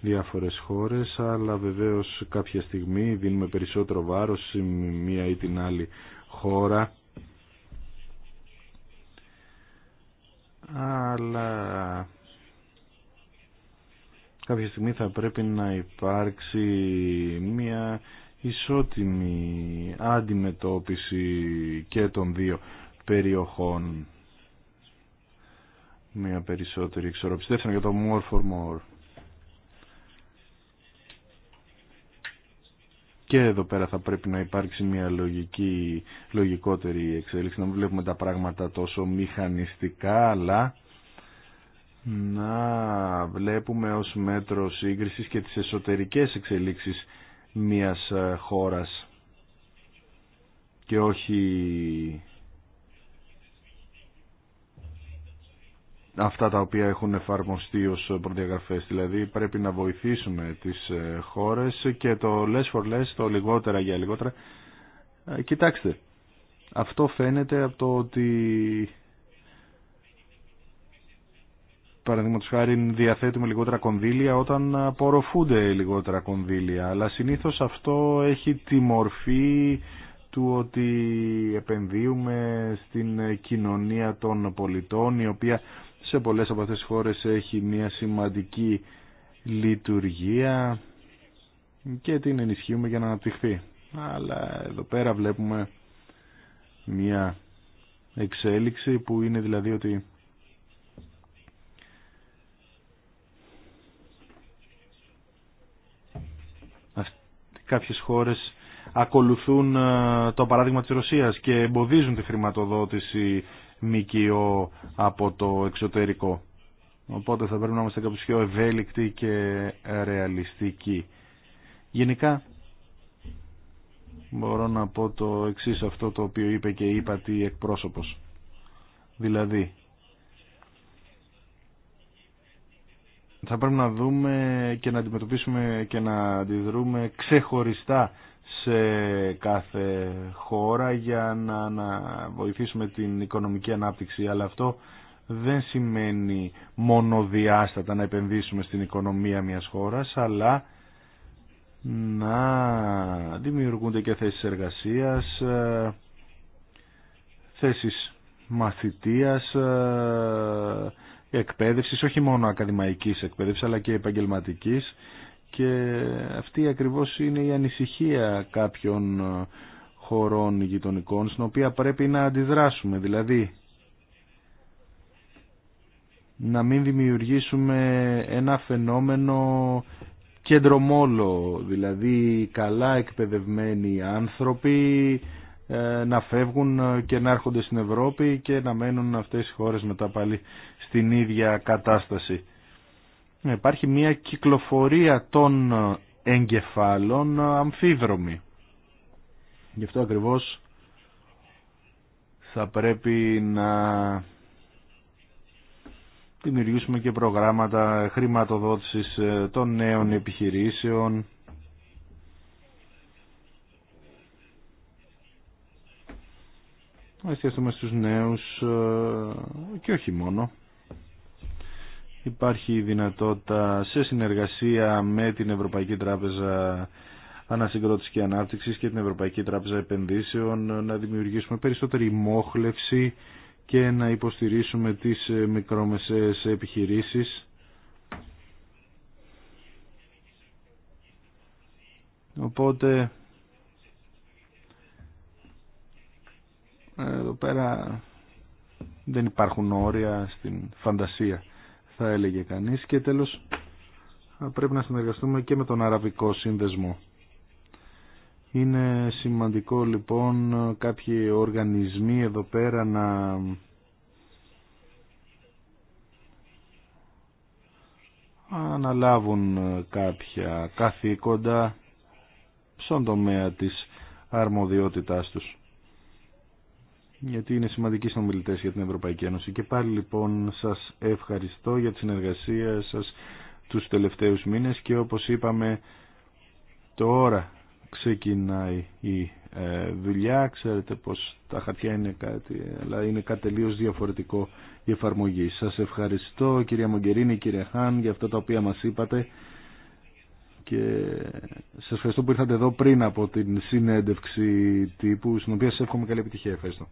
διάφορες χώρες αλλά βεβαίως κάποια στιγμή δίνουμε περισσότερο βάρος σε μία ή την άλλη χώρα αλλά κάποια στιγμή θα πρέπει να υπάρξει μία ισότιμη αντιμετώπιση και των δύο περιοχών μια περισσότερη εξορροπιστεύσεων για το more for more. και εδώ πέρα θα πρέπει να υπάρξει μια λογική, λογικότερη εξέλιξη, να μην βλέπουμε τα πράγματα τόσο μηχανιστικά, αλλά να βλέπουμε ως μέτρο σύγκρισης και τις εσωτερικές εξελίξεις μιας ε, χώρας και όχι αυτά τα οποία έχουν εφαρμοστεί ως προδιαγραφές. Δηλαδή πρέπει να βοηθήσουμε τις ε, χώρες και το less for less, το λιγότερα για λιγότερα. Ε, κοιτάξτε, αυτό φαίνεται από το ότι παραδείγματο χάρη διαθέτουμε λιγότερα κονδύλια όταν απορροφούνται λιγότερα κονδύλια. Αλλά συνήθως αυτό έχει τη μορφή του ότι επενδύουμε στην κοινωνία των πολιτών η οποία σε πολλές από αυτές τις χώρες έχει μια σημαντική λειτουργία και την ενισχύουμε για να αναπτυχθεί. Αλλά εδώ πέρα βλέπουμε μια εξέλιξη που είναι δηλαδή ότι κάποιες χώρες ακολουθούν ε, το παράδειγμα της Ρωσίας και εμποδίζουν τη χρηματοδότηση μικιό από το εξωτερικό. Οπότε θα πρέπει να είμαστε κάποιο πιο ευέλικτοι και ρεαλιστικοί. Γενικά μπορώ να πω το εξή αυτό το οποίο είπε και είπα τι εκπρόσωπος. Δηλαδή θα πρέπει να δούμε και να αντιμετωπίσουμε και να αντιδρούμε ξεχωριστά σε κάθε χώρα για να, να βοηθήσουμε την οικονομική ανάπτυξη αλλά αυτό δεν σημαίνει μονοδιάστατα να επενδύσουμε στην οικονομία μιας χώρας αλλά να δημιουργούνται και θέσεις εργασίας ε, θέσεις μαθητείας ε, εκπαίδευσης όχι μόνο ακαδημαϊκής εκπαίδευσης αλλά και επαγγελματικής και αυτή ακριβώς είναι η ανησυχία κάποιων ε, χωρών γειτονικών στην οποία πρέπει να αντιδράσουμε δηλαδή να μην δημιουργήσουμε ένα φαινόμενο κεντρομόλο δηλαδή καλά εκπαιδευμένοι άνθρωποι ε, να φεύγουν ε, και να έρχονται στην Ευρώπη και να μένουν αυτές οι χώρες μετά πάλι στην ίδια κατάσταση να υπάρχει μια κυκλοφορία των ε, εγκεφάλων ε, αμφίδρομη. Γι' αυτό ακριβώς θα πρέπει να δημιουργήσουμε και προγράμματα χρηματοδότησης ε, των νέων επιχειρήσεων να εστιαστούμε στους νέους και όχι μόνο. Υπάρχει η δυνατότητα σε συνεργασία με την Ευρωπαϊκή Τράπεζα Ανασυγκρότηση και ανάπτυξη και την Ευρωπαϊκή Τράπεζα Επενδύσεων να δημιουργήσουμε περισσότερη μόχλευση και να υποστηρίσουμε τις μικρόμεσες επιχειρήσεις. Οπότε εδώ πέρα δεν υπάρχουν όρια στην φαντασία θα έλεγε κανείς και τέλος πρέπει να συνεργαστούμε και με τον Αραβικό Σύνδεσμο. Είναι σημαντικό λοιπόν κάποιοι οργανισμοί εδώ πέρα να αναλάβουν κάποια καθήκοντα στον τομέα της αρμοδιότητάς τους γιατί είναι σημαντικοί συνομιλητέ για την Ευρωπαϊκή Ένωση. Και πάλι λοιπόν σας ευχαριστώ για τη συνεργασία σας τους τελευταίους μήνες και όπως είπαμε τώρα ξεκινάει η ε, δουλειά. Ξέρετε πως τα χαρτιά είναι κάτι, αλλά είναι κάτι διαφορετικό η εφαρμογή. Σας ευχαριστώ κυρία Μογκερίνη, κύριε Χάν για αυτά τα οποία μας είπατε και σα ευχαριστώ που ήρθατε εδώ πριν από την συνέντευξη τύπου στην οποία σας εύχομαι καλή επιτυχία. Ευχαριστώ.